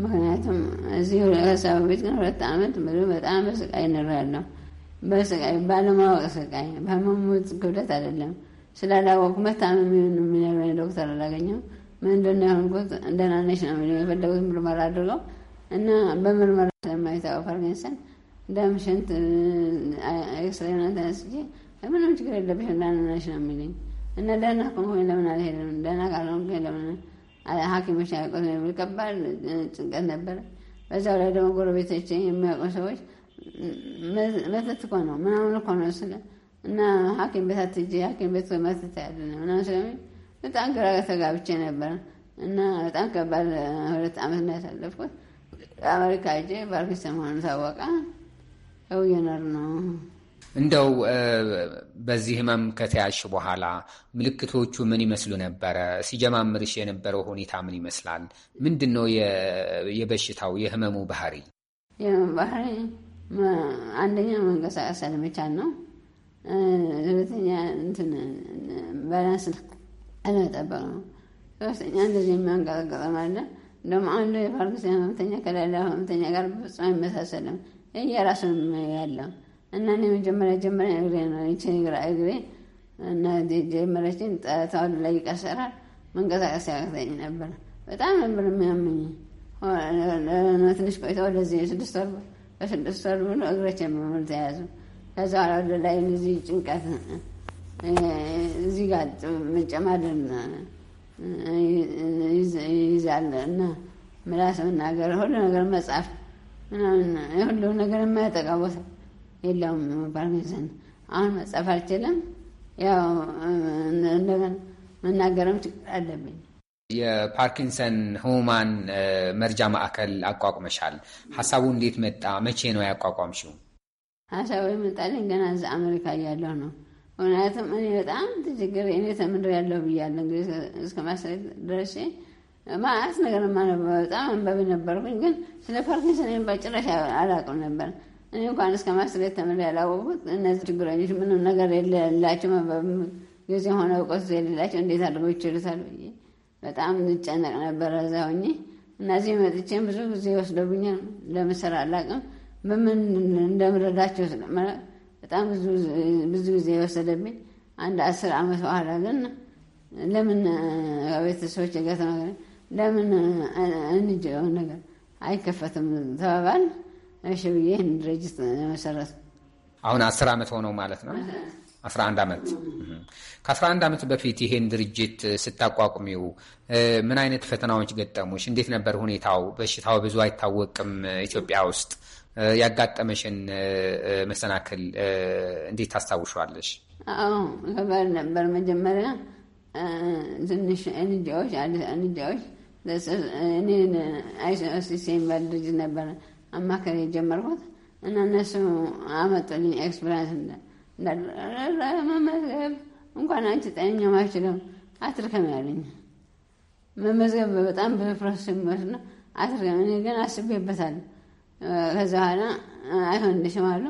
ምክንያቱም እዚህ ሰው ቤት ግን ሁለት ዓመት ብዙ በጣም በስቃይ እንራለሁ። በስቃይ ባለማወቅ ስቃይ በህመሙት ክብደት አይደለም ስላላወቅኩ መታመም የሚነግረኝ ዶክተር አላገኘም። ምንድን ነው ያልኩት? ደህና ነሽ ነው የፈለጉት ምርመራ አድርገው እና በምርመራ ስለማይታወቅ ፓርኪንሰን ደም፣ ሽንት ኤክስሬ ና ተነስቼ ምንም ችግር የለብሽም ደህና ነሽ ነው የሚለኝ እና ደህና ከሆንኩኝ ለምን አልሄድም? ደህና ካልሆንኩኝ ለምን ሐኪሞች አያውቁት ነው የሚል ከባድ ጭንቀት ነበረ። በዛው ላይ ደግሞ ጎረቤቶች የሚያውቁ ሰዎች መተት እኮ ነው ምናምን እኮ ነው ስለ እና ሐኪም ቤት አትሄጂ ሐኪም ቤት መተት ያለ ምናምን ስለሚል በጣም ግራ ተጋብቼ ነበር። እና በጣም ከባድ ሁለት ዓመት ነው ያሳለፍኩት። አሜሪካ ሄጄ ባርኪስ መሆኑ ታወቀ። እውየነር ነው። እንደው በዚህ ህመም ከተያሽ በኋላ ምልክቶቹ ምን ይመስሉ ነበረ? ሲጀማምርሽ የነበረው ሁኔታ ምን ይመስላል? ምንድን ነው የበሽታው የህመሙ ባህሪ? የህመም ባህሪ አንደኛ መንቀሳቀስ አለመቻል ነው። ሁለተኛ እንትን ባላንስ አለመጠበቅ ነው። ሶስተኛ እንደዚህ የሚያንቀጠቀጠ ማለት እንደውም አንድ የፓርኪንሰን ህመምተኛ ከሌላ ህመምተኛ ጋር በፍጹም አይመሳሰልም። የራሱን ያለው እና እኔ መጀመሪያ ጀመረ እግሬ ነው ይችን ግራ እግሬ እና ጀመረችን ጣታው ላይ ይቀሰራል። መንቀሳቀስ ያቅተኝ ነበር። በጣም ነበር የሚያመኝ። ትንሽ ቆይታ ወደዚህ ስድስት ወር በስድስት ወር ብሎ እግሮች መምር ተያዙ። ከዛ ወደ ላይ እዚህ ጭንቀት እዚህ ጋር መጨማደን ይዛል እና ምላስ መናገር፣ ሁሉ ነገር መጻፍ ምናምን ሁሉ ነገር የማያጠቃ ቦታ የለውም ፓርኪንሰን። አሁን መጻፍ አልችልም፣ ያው እንደገና መናገርም ችግር አለብኝ። የፓርኪንሰን ህሙማን መርጃ ማዕከል አቋቁመሻል። ሀሳቡ እንዴት መጣ? መቼ ነው ያቋቋምሽው? ሀሳቡ የመጣልኝ ገና እዛ አሜሪካ እያለሁ ነው። እውነትም እኔ በጣም ተቸግሬ እኔ ተምሬያለሁ ብያለሁ። እንግዲህ እስከ ማሰሬት ደርሼ ማለት ነገር በጣም አንባቢ ነበርኩኝ። ግን ስለ ፓርኪንሰን የሚባል ጭራሽ አላውቅም ነበር። እኔ እንኳን እስከ ማሰሬት ተምሬ ያላወቁት እነዚህ ችግረኞች ምንም ነገር የሌላቸው ጊዜ ሆነ እውቀቱ የሌላቸው እንዴት አድርገው ይችሉታል ብዬ በጣም እንጨነቅ ነበረ እዛ ሆኜ እነዚህ መጥቼም ብዙ ጊዜ ወስደብኛል። ለምስር አላውቅም በምን እንደምረዳቸው በጣም ብዙ ጊዜ የወሰደብኝ አንድ አስር ዓመት በኋላ ግን ለምን ቤተሰቦች ጋር ለምን እንጂ ነገር አይከፈትም ተባባል። እሺ ብዬ ይህን ድርጅት መሰረት አሁን አስር ዓመት ሆነው ማለት ነው። አስራ አንድ ዓመት ከአስራ አንድ ዓመት በፊት ይሄን ድርጅት ስታቋቁሚው ምን አይነት ፈተናዎች ገጠሙች እንዴት ነበር ሁኔታው? በሽታው ብዙ አይታወቅም ኢትዮጵያ ውስጥ ያጋጠመሽን መሰናክል እንዴት ታስታውሸዋለሽ? አዎ ከባድ ነበር። መጀመሪያ ትንሽ እንጃዎች እንጃዎች እኔን አይሲኦሲሲ የሚባል ድርጅት ነበር አማካሪ የጀመርኩት እና እነሱ አመጡልኝ ኤክስፔሪንስ መመዝገብ እንኳን አንቺ ጤነኛ ማችለው አትርከም ያለኝ መመዝገብ በጣም በፍረስ ነው አትርከም። እኔ ግን አስቤበታለሁ ከዛ በኋላ አይሆን እንደሸማሉ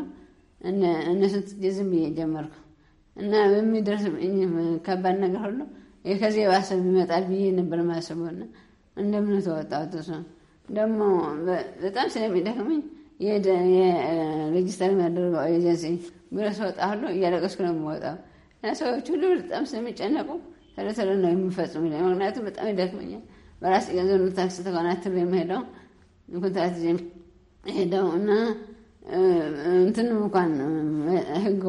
እነሱን ዝም ብዬ ጀመርኩ እና የሚደርስ ከባድ ነገር ሁሉ ከዚህ የባሰ ይመጣል ብዬ ነበር ማስበው እና እንደምኑ ተወጣሁት። እሱ ደግሞ በጣም ስለሚደክመኝ የሬጅስተር የሚያደርገው ኤጀንሲ ብሎ ስወጣ ሁሉ እያለቀስኩ ነው የምወጣው እና ሰዎች ሁሉ በጣም ስለሚጨነቁ ቶሎ ቶሎ ነው የሚፈጽሙ። ምክንያቱም በጣም ይደክመኛል። በራስ ገንዘብ ታክስ ተኮናትር የምሄደው ኮንትራት ሄደውና እንትን እንኳን ህጉ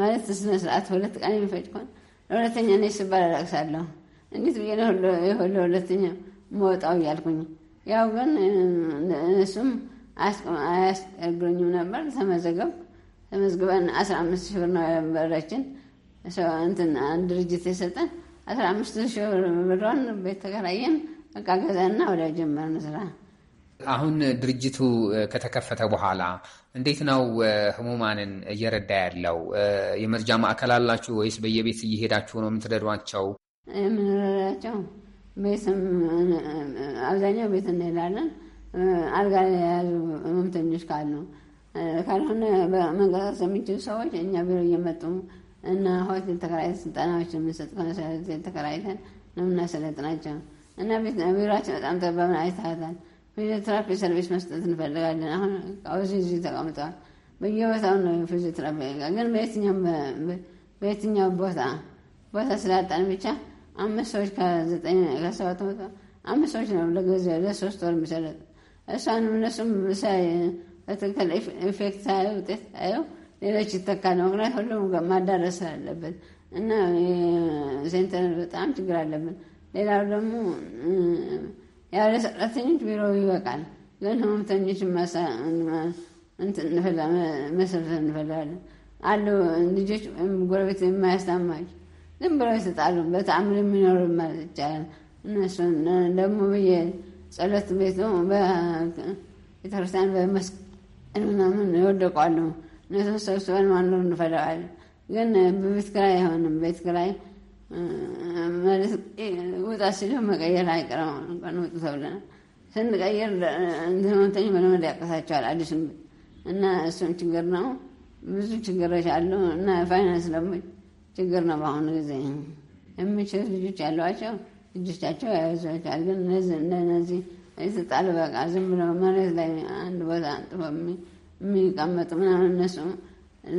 ማለት ስነ ስርዓት ሁለት ቀን የሚፈጅ ከሆነ ለሁለተኛ ነሽ ስባል አላቅሳለሁ። እንዴት ብዬ ሁለተኛ መወጣው እያልኩኝ ያው ግን እሱም አያስቸግረኝም ነበር። ተመዘገብ ተመዝግበን አስራ አምስት ሺህ ብር ነው የበረችን እንትን ድርጅት የሰጠን አስራ አምስት ሺህ ብር ብሯን ቤት ተከራየን። በቃ ገዛና ወዲያ ጀመርን ስራ አሁን ድርጅቱ ከተከፈተ በኋላ እንዴት ነው ህሙማንን እየረዳ ያለው? የመርጃ ማዕከል አላችሁ ወይስ በየቤት እየሄዳችሁ ነው የምትረዷቸው? የምንረዳቸው ቤትም አብዛኛው ቤት እንሄዳለን። አልጋ የያዙ ህመምተኞች ካሉ ካልሆነ መንቀሳቀስ የሚችሉ ሰዎች እኛ ቢሮ እየመጡ እና ሆቴል ተከራይተን ስልጠናዎች የምንሰጥ ከሆነ ተከራይተን ነው የምናሰለጥናቸው እና ቢሮቸው በጣም ጠበብን አይታታል ፊዚዮቴራፒ ሰርቪስ መስጠት እንፈልጋለን። አሁን ቃውዚ እዚህ ተቀምጠዋል። በየቦታው ነው ፊዚዮቴራፒ ግን በየትኛው ቦታ ቦታ ስላጣን ብቻ አምስት ሰዎች ከዘጠኝ ከሰባት መቶ አምስት ሰዎች ነው ለጊዜው ለሶስት ወር የሚሰለጥ እሷንም እነሱም ሳይ በትክክል ኢፌክት ሳይ ውጤት ሳየው ሌሎች ይተካል። ምክንያት ሁሉም ማዳረስ አለበት እና ሴንተር በጣም ችግር አለብን። ሌላው ደግሞ ያለ ሰራተኞች ቢሮ ይበቃል፣ ግን ህመምተኞች መሰብሰብ እንፈልጋለን አሉ። ልጆች ጎረቤት የማያስታማች ዝም ብለው ይሰጣሉ። በተአምር የሚኖሩ ማለት ይቻላል። እነሱ ደግሞ ብዬ ጸሎት ቤቱ ቤተክርስቲያን በመስቀል ምናምን ይወደቋሉ። እነሱ ሰብስበን ማኖር እንፈለዋል። ግን በቤት ክራይ አይሆንም። ቤት ክራይ ውጣ ሲለው መቀየር አይቀርም እንኳን ውጡ ተብለናል። ስንቀየር እንትኖተኝ መለመድ ያቀሳቸዋል አዲሱም እና እሱም ችግር ነው። ብዙ ችግሮች አሉ እና ፋይናንስ ደግሞ ችግር ነው። በአሁኑ ጊዜ የሚችሉት ልጆች ያሏቸው ልጆቻቸው ያበዛቸዋል። ግን እንደነዚህ ይስጣል በቃ ዝም ብለው መሬት ላይ አንድ ቦታ አንጥፎ የሚቀመጡ ምናምን እነሱ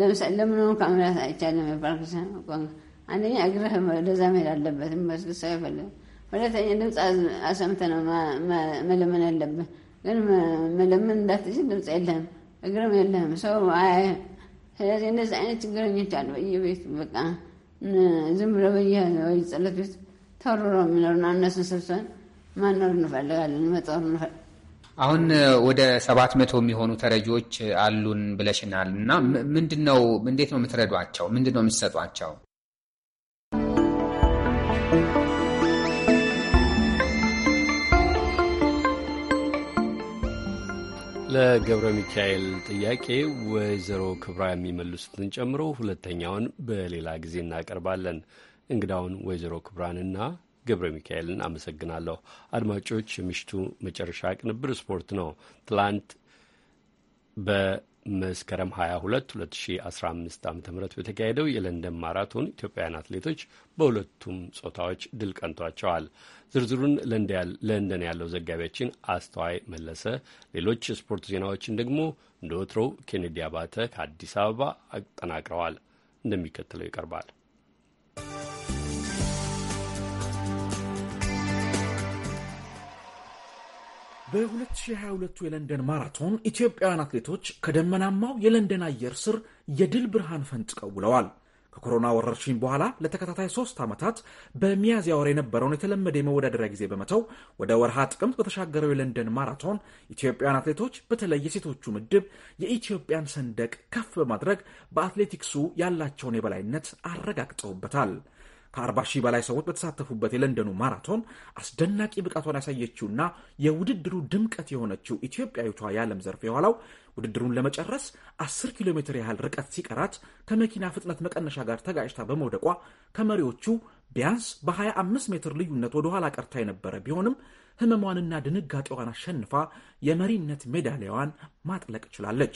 ለምን ለምኖ ከመላት አይቻልም የፓርኪንሰን አንደኛ እግርህ ወደዛ መሄድ አለበት፣ መስግሳ ይፈለግ። ሁለተኛ ድምፅ አሰምተ ነው መለመን ያለብህ። ግን መለመን እንዳትችል ድምፅ የለህም፣ እግርም የለህም፣ ሰው አያየህም። ስለዚህ እንደዚ አይነት ችግረኞች አሉ በየቤቱ በቃ ዝም ብሎ በየ ወይ ጸሎት ቤት ተሮሮ የሚኖሩና እነሱን ሰብሰን ማኖር እንፈልጋለን መጠሩ እንፈልጋለን። አሁን ወደ ሰባት መቶ የሚሆኑ ተረጂዎች አሉን ብለሽናል እና ምንድነው እንዴት ነው የምትረዷቸው? ምንድን ነው የምትሰጧቸው? ለገብረ ሚካኤል ጥያቄ ወይዘሮ ክብራ የሚመልሱትን ጨምሮ ሁለተኛውን በሌላ ጊዜ እናቀርባለን። እንግዳውን ወይዘሮ ክብራንና ገብረ ሚካኤልን አመሰግናለሁ። አድማጮች፣ የምሽቱ መጨረሻ ቅንብር ስፖርት ነው። ትላንት በመስከረም 22 2015 ዓ ም በተካሄደው የለንደን ማራቶን ኢትዮጵያውያን አትሌቶች በሁለቱም ጾታዎች ድል ቀንቷቸዋል። ዝርዝሩን ለንደን ያለው ዘጋቢያችን አስተዋይ መለሰ፣ ሌሎች ስፖርት ዜናዎችን ደግሞ እንደ ወትሮው ኬኔዲ አባተ ከአዲስ አበባ አጠናቅረዋል። እንደሚከተለው ይቀርባል። በ2022 የለንደን ማራቶን ኢትዮጵያውያን አትሌቶች ከደመናማው የለንደን አየር ስር የድል ብርሃን ፈንጥቀው ውለዋል። ከኮሮና ወረርሽኝ በኋላ ለተከታታይ ሶስት ዓመታት በሚያዝያ ወር የነበረውን የተለመደ የመወዳደሪያ ጊዜ በመተው ወደ ወርሃ ጥቅምት በተሻገረው የለንደን ማራቶን ኢትዮጵያውያን አትሌቶች በተለይ የሴቶቹ ምድብ የኢትዮጵያን ሰንደቅ ከፍ በማድረግ በአትሌቲክሱ ያላቸውን የበላይነት አረጋግጠውበታል። ከ40 ሺህ በላይ ሰዎች በተሳተፉበት የለንደኑ ማራቶን አስደናቂ ብቃቷን ያሳየችውና የውድድሩ ድምቀት የሆነችው ኢትዮጵያዊቷ የዓለም ዘርፍ የኋላው ውድድሩን ለመጨረስ 10 ኪሎ ሜትር ያህል ርቀት ሲቀራት ከመኪና ፍጥነት መቀነሻ ጋር ተጋጭታ በመውደቋ ከመሪዎቹ ቢያንስ በ25 ሜትር ልዩነት ወደ ኋላ ቀርታ የነበረ ቢሆንም ህመሟንና ድንጋጤዋን አሸንፋ የመሪነት ሜዳሊያዋን ማጥለቅ ችላለች።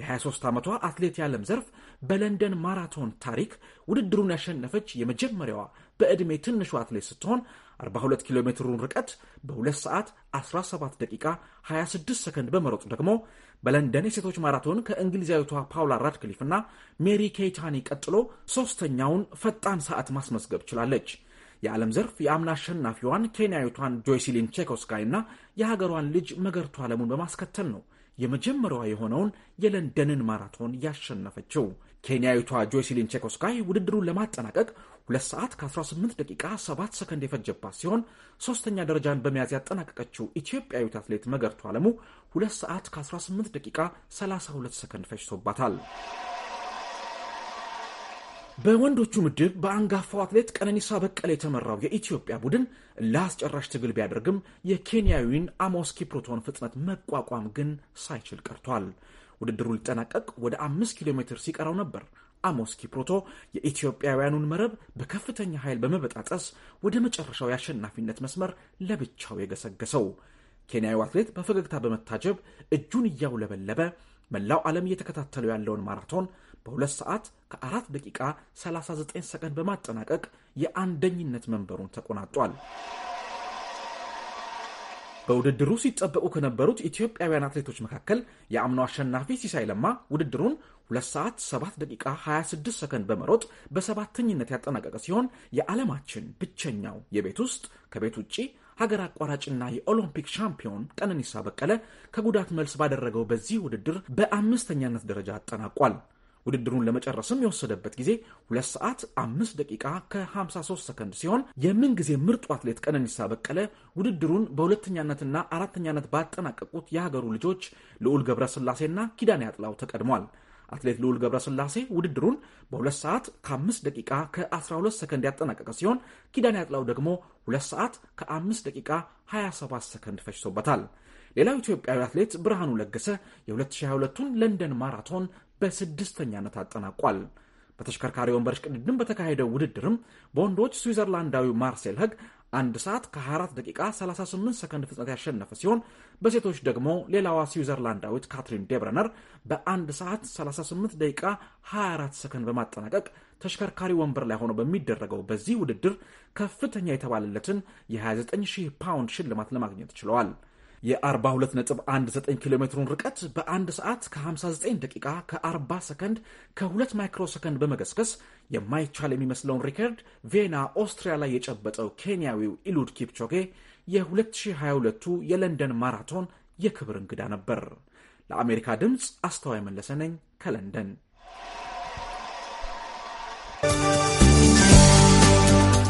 የ23 ዓመቷ አትሌት ያለም ዘርፍ በለንደን ማራቶን ታሪክ ውድድሩን ያሸነፈች የመጀመሪያዋ በዕድሜ ትንሹ አትሌት ስትሆን 42 ኪሎ ሜትሩን ርቀት በ2 ሰዓት 17 ደቂቃ 26 ሰከንድ በመሮጥ ደግሞ በለንደን የሴቶች ማራቶን ከእንግሊዛዊቷ ፓውላ ራድክሊፍና ሜሪ ኬይታኒ ቀጥሎ ሦስተኛውን ፈጣን ሰዓት ማስመዝገብ ችላለች። የዓለም ዘርፍ የአምና አሸናፊዋን ኬንያዊቷን ጆይሲሊን ቼኮስካይ እና የሀገሯን ልጅ መገርቱ ዓለሙን በማስከተል ነው የመጀመሪያዋ የሆነውን የለንደንን ማራቶን ያሸነፈችው። ኬንያዊቷ ጆይሲሊን ቼኮስካይ ውድድሩን ለማጠናቀቅ 2 ሰዓት ከ18 ደቂቃ 7 ሰከንድ የፈጀባት ሲሆን ሶስተኛ ደረጃን በመያዝ ያጠናቀቀችው ኢትዮጵያዊት አትሌት መገርቱ አለሙ 2 ሰዓት ከ18 ደቂቃ 32 ሰከንድ ፈጅቶባታል። በወንዶቹ ምድብ በአንጋፋው አትሌት ቀነኒሳ በቀለ የተመራው የኢትዮጵያ ቡድን ለአስጨራሽ ትግል ቢያደርግም የኬንያዊን አሞስ ኪፕሩቶን ፍጥነት መቋቋም ግን ሳይችል ቀርቷል። ውድድሩ ሊጠናቀቅ ወደ አምስት ኪሎ ሜትር ሲቀረው ነበር አሞስ ኪፕሩቶ የኢትዮጵያውያኑን መረብ በከፍተኛ ኃይል በመበጣጠስ ወደ መጨረሻው የአሸናፊነት መስመር ለብቻው የገሰገሰው። ኬንያዊ አትሌት በፈገግታ በመታጀብ እጁን እያውለበለበ መላው ዓለም እየተከታተለው ያለውን ማራቶን በሁለት ሰዓት ከ4 ደቂቃ 39 ሰከንድ በማጠናቀቅ የአንደኝነት መንበሩን ተቆናጧል። በውድድሩ ሲጠበቁ ከነበሩት ኢትዮጵያውያን አትሌቶች መካከል የአምናው አሸናፊ ሲሳይ ለማ ውድድሩን 2 ሰዓት 7 ደቂቃ 26 ሰከንድ በመሮጥ በሰባተኝነት ያጠናቀቀ ሲሆን የዓለማችን ብቸኛው የቤት ውስጥ ከቤት ውጭ ሀገር አቋራጭና የኦሎምፒክ ሻምፒዮን ቀነኒሳ በቀለ ከጉዳት መልስ ባደረገው በዚህ ውድድር በአምስተኛነት ደረጃ አጠናቋል። ውድድሩን ለመጨረስም የወሰደበት ጊዜ 2 ሰዓት 5 ደቂቃ ከ53 ሰከንድ ሲሆን የምን ጊዜ ምርጡ አትሌት ቀነኒሳ በቀለ ውድድሩን በሁለተኛነትና አራተኛነት ባጠናቀቁት የሀገሩ ልጆች ልዑል ገብረስላሴና ኪዳኔ አጥላው ተቀድሟል። አትሌት ልዑል ገብረስላሴ ውድድሩን በ2 ሰዓት ከ5 ደቂቃ ከ12 ሰከንድ ያጠናቀቀ ሲሆን ኪዳኔ አጥላው ደግሞ 2 ሰዓት ከ5 ደቂቃ 27 ሰከንድ ፈጅቶበታል። ሌላው ኢትዮጵያዊ አትሌት ብርሃኑ ለገሰ የ2022ቱን ለንደን ማራቶን በስድስተኛነት አጠናቋል። በተሽከርካሪ ወንበሮች ቅድድም በተካሄደው ውድድርም በወንዶች ስዊዘርላንዳዊ ማርሴል ህግ አንድ ሰዓት ከ24 ደቂቃ 38 ሰከንድ ፍጥነት ያሸነፈ ሲሆን በሴቶች ደግሞ ሌላዋ ስዊዘርላንዳዊት ካትሪን ዴብረነር በአንድ ሰዓት 38 ደቂቃ 24 ሰከንድ በማጠናቀቅ ተሽከርካሪ ወንበር ላይ ሆኖ በሚደረገው በዚህ ውድድር ከፍተኛ የተባለለትን የ29 ሺህ ፓውንድ ሽልማት ለማግኘት ችለዋል። የ42.19 ኪሎ ሜትሩን ርቀት በአንድ ሰዓት ከ59 ደቂቃ ከ40 ሰከንድ ከ2 ማይክሮ ሰከንድ በመገስገስ የማይቻል የሚመስለውን ሪከርድ ቬና ኦስትሪያ ላይ የጨበጠው ኬንያዊው ኢሉድ ኪፕቾጌ የ2022ቱ የለንደን ማራቶን የክብር እንግዳ ነበር። ለአሜሪካ ድምፅ አስተዋይ መለሰ ነኝ ከለንደን።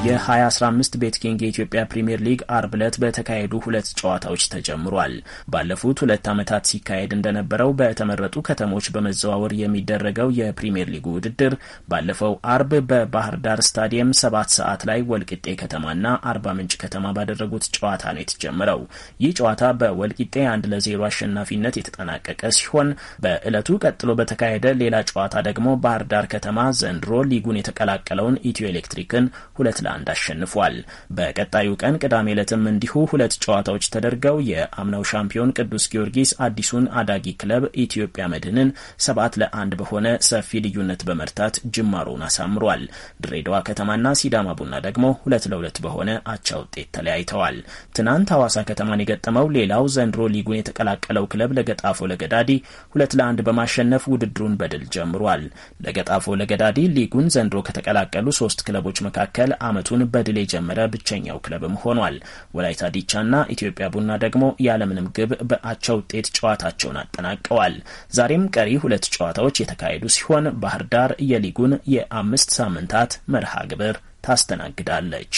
የ2015 ቤትኪንግ የኢትዮጵያ ፕሪምየር ሊግ አርብ ዕለት በተካሄዱ ሁለት ጨዋታዎች ተጀምሯል። ባለፉት ሁለት ዓመታት ሲካሄድ እንደነበረው በተመረጡ ከተሞች በመዘዋወር የሚደረገው የፕሪምየር ሊጉ ውድድር ባለፈው አርብ በባህር ዳር ስታዲየም ሰባት ሰዓት ላይ ወልቂጤ ከተማና አርባ ምንጭ ከተማ ባደረጉት ጨዋታ ነው የተጀመረው። ይህ ጨዋታ በወልቂጤ አንድ ለዜሮ አሸናፊነት የተጠናቀቀ ሲሆን በዕለቱ ቀጥሎ በተካሄደ ሌላ ጨዋታ ደግሞ ባህር ዳር ከተማ ዘንድሮ ሊጉን የተቀላቀለውን ኢትዮ ኤሌክትሪክን ሁለት ለ ለአንድ አሸንፏል። በቀጣዩ ቀን ቅዳሜ ዕለትም እንዲሁ ሁለት ጨዋታዎች ተደርገው የአምናው ሻምፒዮን ቅዱስ ጊዮርጊስ አዲሱን አዳጊ ክለብ ኢትዮጵያ መድህንን ሰባት ለአንድ በሆነ ሰፊ ልዩነት በመርታት ጅማሮውን አሳምሯል። ድሬዳዋ ከተማና ሲዳማ ቡና ደግሞ ሁለት ለሁለት በሆነ አቻ ውጤት ተለያይተዋል። ትናንት ሐዋሳ ከተማን የገጠመው ሌላው ዘንድሮ ሊጉን የተቀላቀለው ክለብ ለገጣፎ ለገዳዲ ሁለት ለአንድ በማሸነፍ ውድድሩን በድል ጀምሯል። ለገጣፎ ለገዳዲ ሊጉን ዘንድሮ ከተቀላቀሉ ሶስት ክለቦች መካከል አመ ግንኙነቱን በድል የጀመረ ብቸኛው ክለብም ሆኗል። ወላይታ ዲቻና ኢትዮጵያ ቡና ደግሞ ያለምንም ግብ በአቻ ውጤት ጨዋታቸውን አጠናቀዋል። ዛሬም ቀሪ ሁለት ጨዋታዎች የተካሄዱ ሲሆን ባህር ዳር የሊጉን የአምስት ሳምንታት መርሃ ግብር ታስተናግዳለች።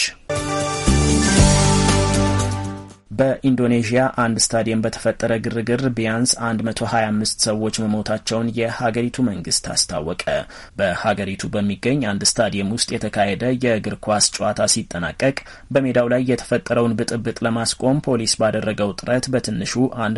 በኢንዶኔዥያ አንድ ስታዲየም በተፈጠረ ግርግር ቢያንስ 125 ሰዎች መሞታቸውን የሀገሪቱ መንግስት አስታወቀ። በሀገሪቱ በሚገኝ አንድ ስታዲየም ውስጥ የተካሄደ የእግር ኳስ ጨዋታ ሲጠናቀቅ በሜዳው ላይ የተፈጠረውን ብጥብጥ ለማስቆም ፖሊስ ባደረገው ጥረት በትንሹ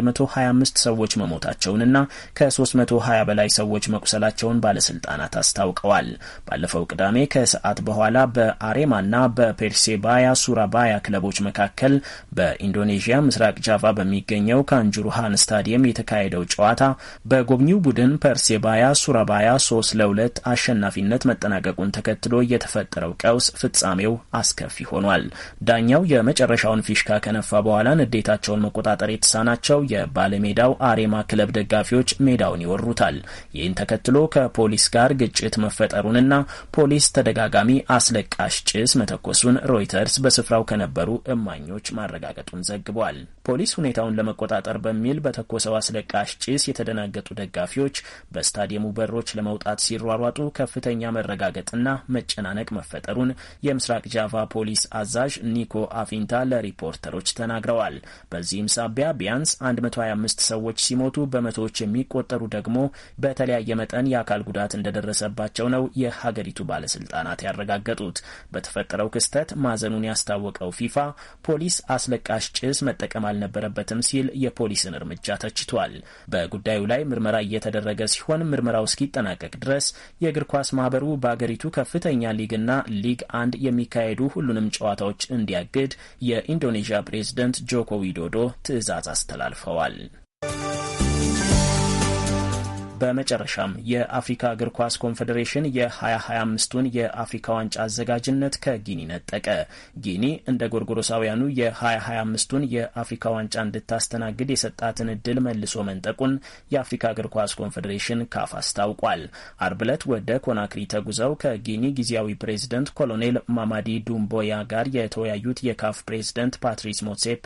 125 ሰዎች መሞታቸውንና ከ320 በላይ ሰዎች መቁሰላቸውን ባለስልጣናት አስታውቀዋል። ባለፈው ቅዳሜ ከሰዓት በኋላ በአሬማና በፔርሴባያ ሱራባያ ክለቦች መካከል በኢንዶ በኢንዶኔዥያ ምስራቅ ጃቫ በሚገኘው ካንጁሩሃን ስታዲየም የተካሄደው ጨዋታ በጎብኚው ቡድን ፐርሴባያ ሱራባያ ሶስት ለሁለት አሸናፊነት መጠናቀቁን ተከትሎ የተፈጠረው ቀውስ ፍጻሜው አስከፊ ሆኗል። ዳኛው የመጨረሻውን ፊሽካ ከነፋ በኋላ ንዴታቸውን መቆጣጠር የተሳናቸው የባለሜዳው አሬማ ክለብ ደጋፊዎች ሜዳውን ይወሩታል። ይህን ተከትሎ ከፖሊስ ጋር ግጭት መፈጠሩንና ፖሊስ ተደጋጋሚ አስለቃሽ ጭስ መተኮሱን ሮይተርስ በስፍራው ከነበሩ እማኞች ማረጋገጡን ዘግቧል። ፖሊስ ሁኔታውን ለመቆጣጠር በሚል በተኮሰው አስለቃሽ ጭስ የተደናገጡ ደጋፊዎች በስታዲየሙ በሮች ለመውጣት ሲሯሯጡ ከፍተኛ መረጋገጥና መጨናነቅ መፈጠሩን የምስራቅ ጃቫ ፖሊስ አዛዥ ኒኮ አፊንታ ለሪፖርተሮች ተናግረዋል። በዚህም ሳቢያ ቢያንስ 125 ሰዎች ሲሞቱ በመቶዎች የሚቆጠሩ ደግሞ በተለያየ መጠን የአካል ጉዳት እንደደረሰባቸው ነው የሀገሪቱ ባለስልጣናት ያረጋገጡት። በተፈጠረው ክስተት ማዘኑን ያስታወቀው ፊፋ ፖሊስ አስለቃሽ ጭስ መጠቀማል አልነበረበትም ሲል የፖሊስን እርምጃ ተችቷል። በጉዳዩ ላይ ምርመራ እየተደረገ ሲሆን ምርመራው እስኪጠናቀቅ ድረስ የእግር ኳስ ማህበሩ በአገሪቱ ከፍተኛ ሊግና ሊግ አንድ የሚካሄዱ ሁሉንም ጨዋታዎች እንዲያግድ የኢንዶኔዥያ ፕሬዝደንት ጆኮ ዊዶዶ ትዕዛዝ አስተላልፈዋል። በመጨረሻም የአፍሪካ እግር ኳስ ኮንፌዴሬሽን የ2025ቱን የአፍሪካ ዋንጫ አዘጋጅነት ከጊኒ ነጠቀ። ጊኒ እንደ ጎርጎሮሳውያኑ የ2025ቱን የአፍሪካ ዋንጫ እንድታስተናግድ የሰጣትን እድል መልሶ መንጠቁን የአፍሪካ እግር ኳስ ኮንፌዴሬሽን ካፍ አስታውቋል። አርብ ዕለት ወደ ኮናክሪ ተጉዘው ከጊኒ ጊዜያዊ ፕሬዝደንት ኮሎኔል ማማዲ ዱምቦያ ጋር የተወያዩት የካፍ ፕሬዝደንት ፓትሪስ ሞሴፔ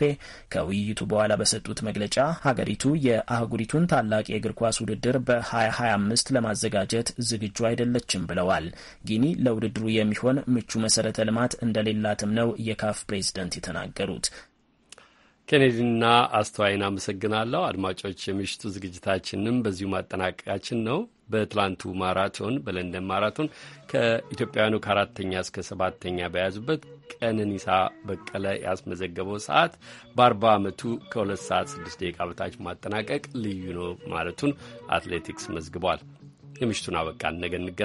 ከውይይቱ በኋላ በሰጡት መግለጫ ሀገሪቱ የአህጉሪቱን ታላቅ የእግር ኳስ ውድድር በ 2025 ለማዘጋጀት ዝግጁ አይደለችም ብለዋል። ጊኒ ለውድድሩ የሚሆን ምቹ መሰረተ ልማት እንደሌላትም ነው የካፍ ፕሬዚደንት የተናገሩት። ኬኔዲና አስተዋይን አመሰግናለሁ። አድማጮች፣ የምሽቱ ዝግጅታችንም በዚሁ ማጠናቀቃችን ነው። በትላንቱ ማራቶን በለንደን ማራቶን ከኢትዮጵያውያኑ ከአራተኛ እስከ ሰባተኛ በያዙበት ቀነኒሳ በቀለ ያስመዘገበው ሰዓት በአርባ ዓመቱ ከሁለት ሰዓት ስድስት ደቂቃ በታች ማጠናቀቅ ልዩ ነው ማለቱን አትሌቲክስ መዝግቧል። የምሽቱን አበቃን። ነገ እንገናኝ።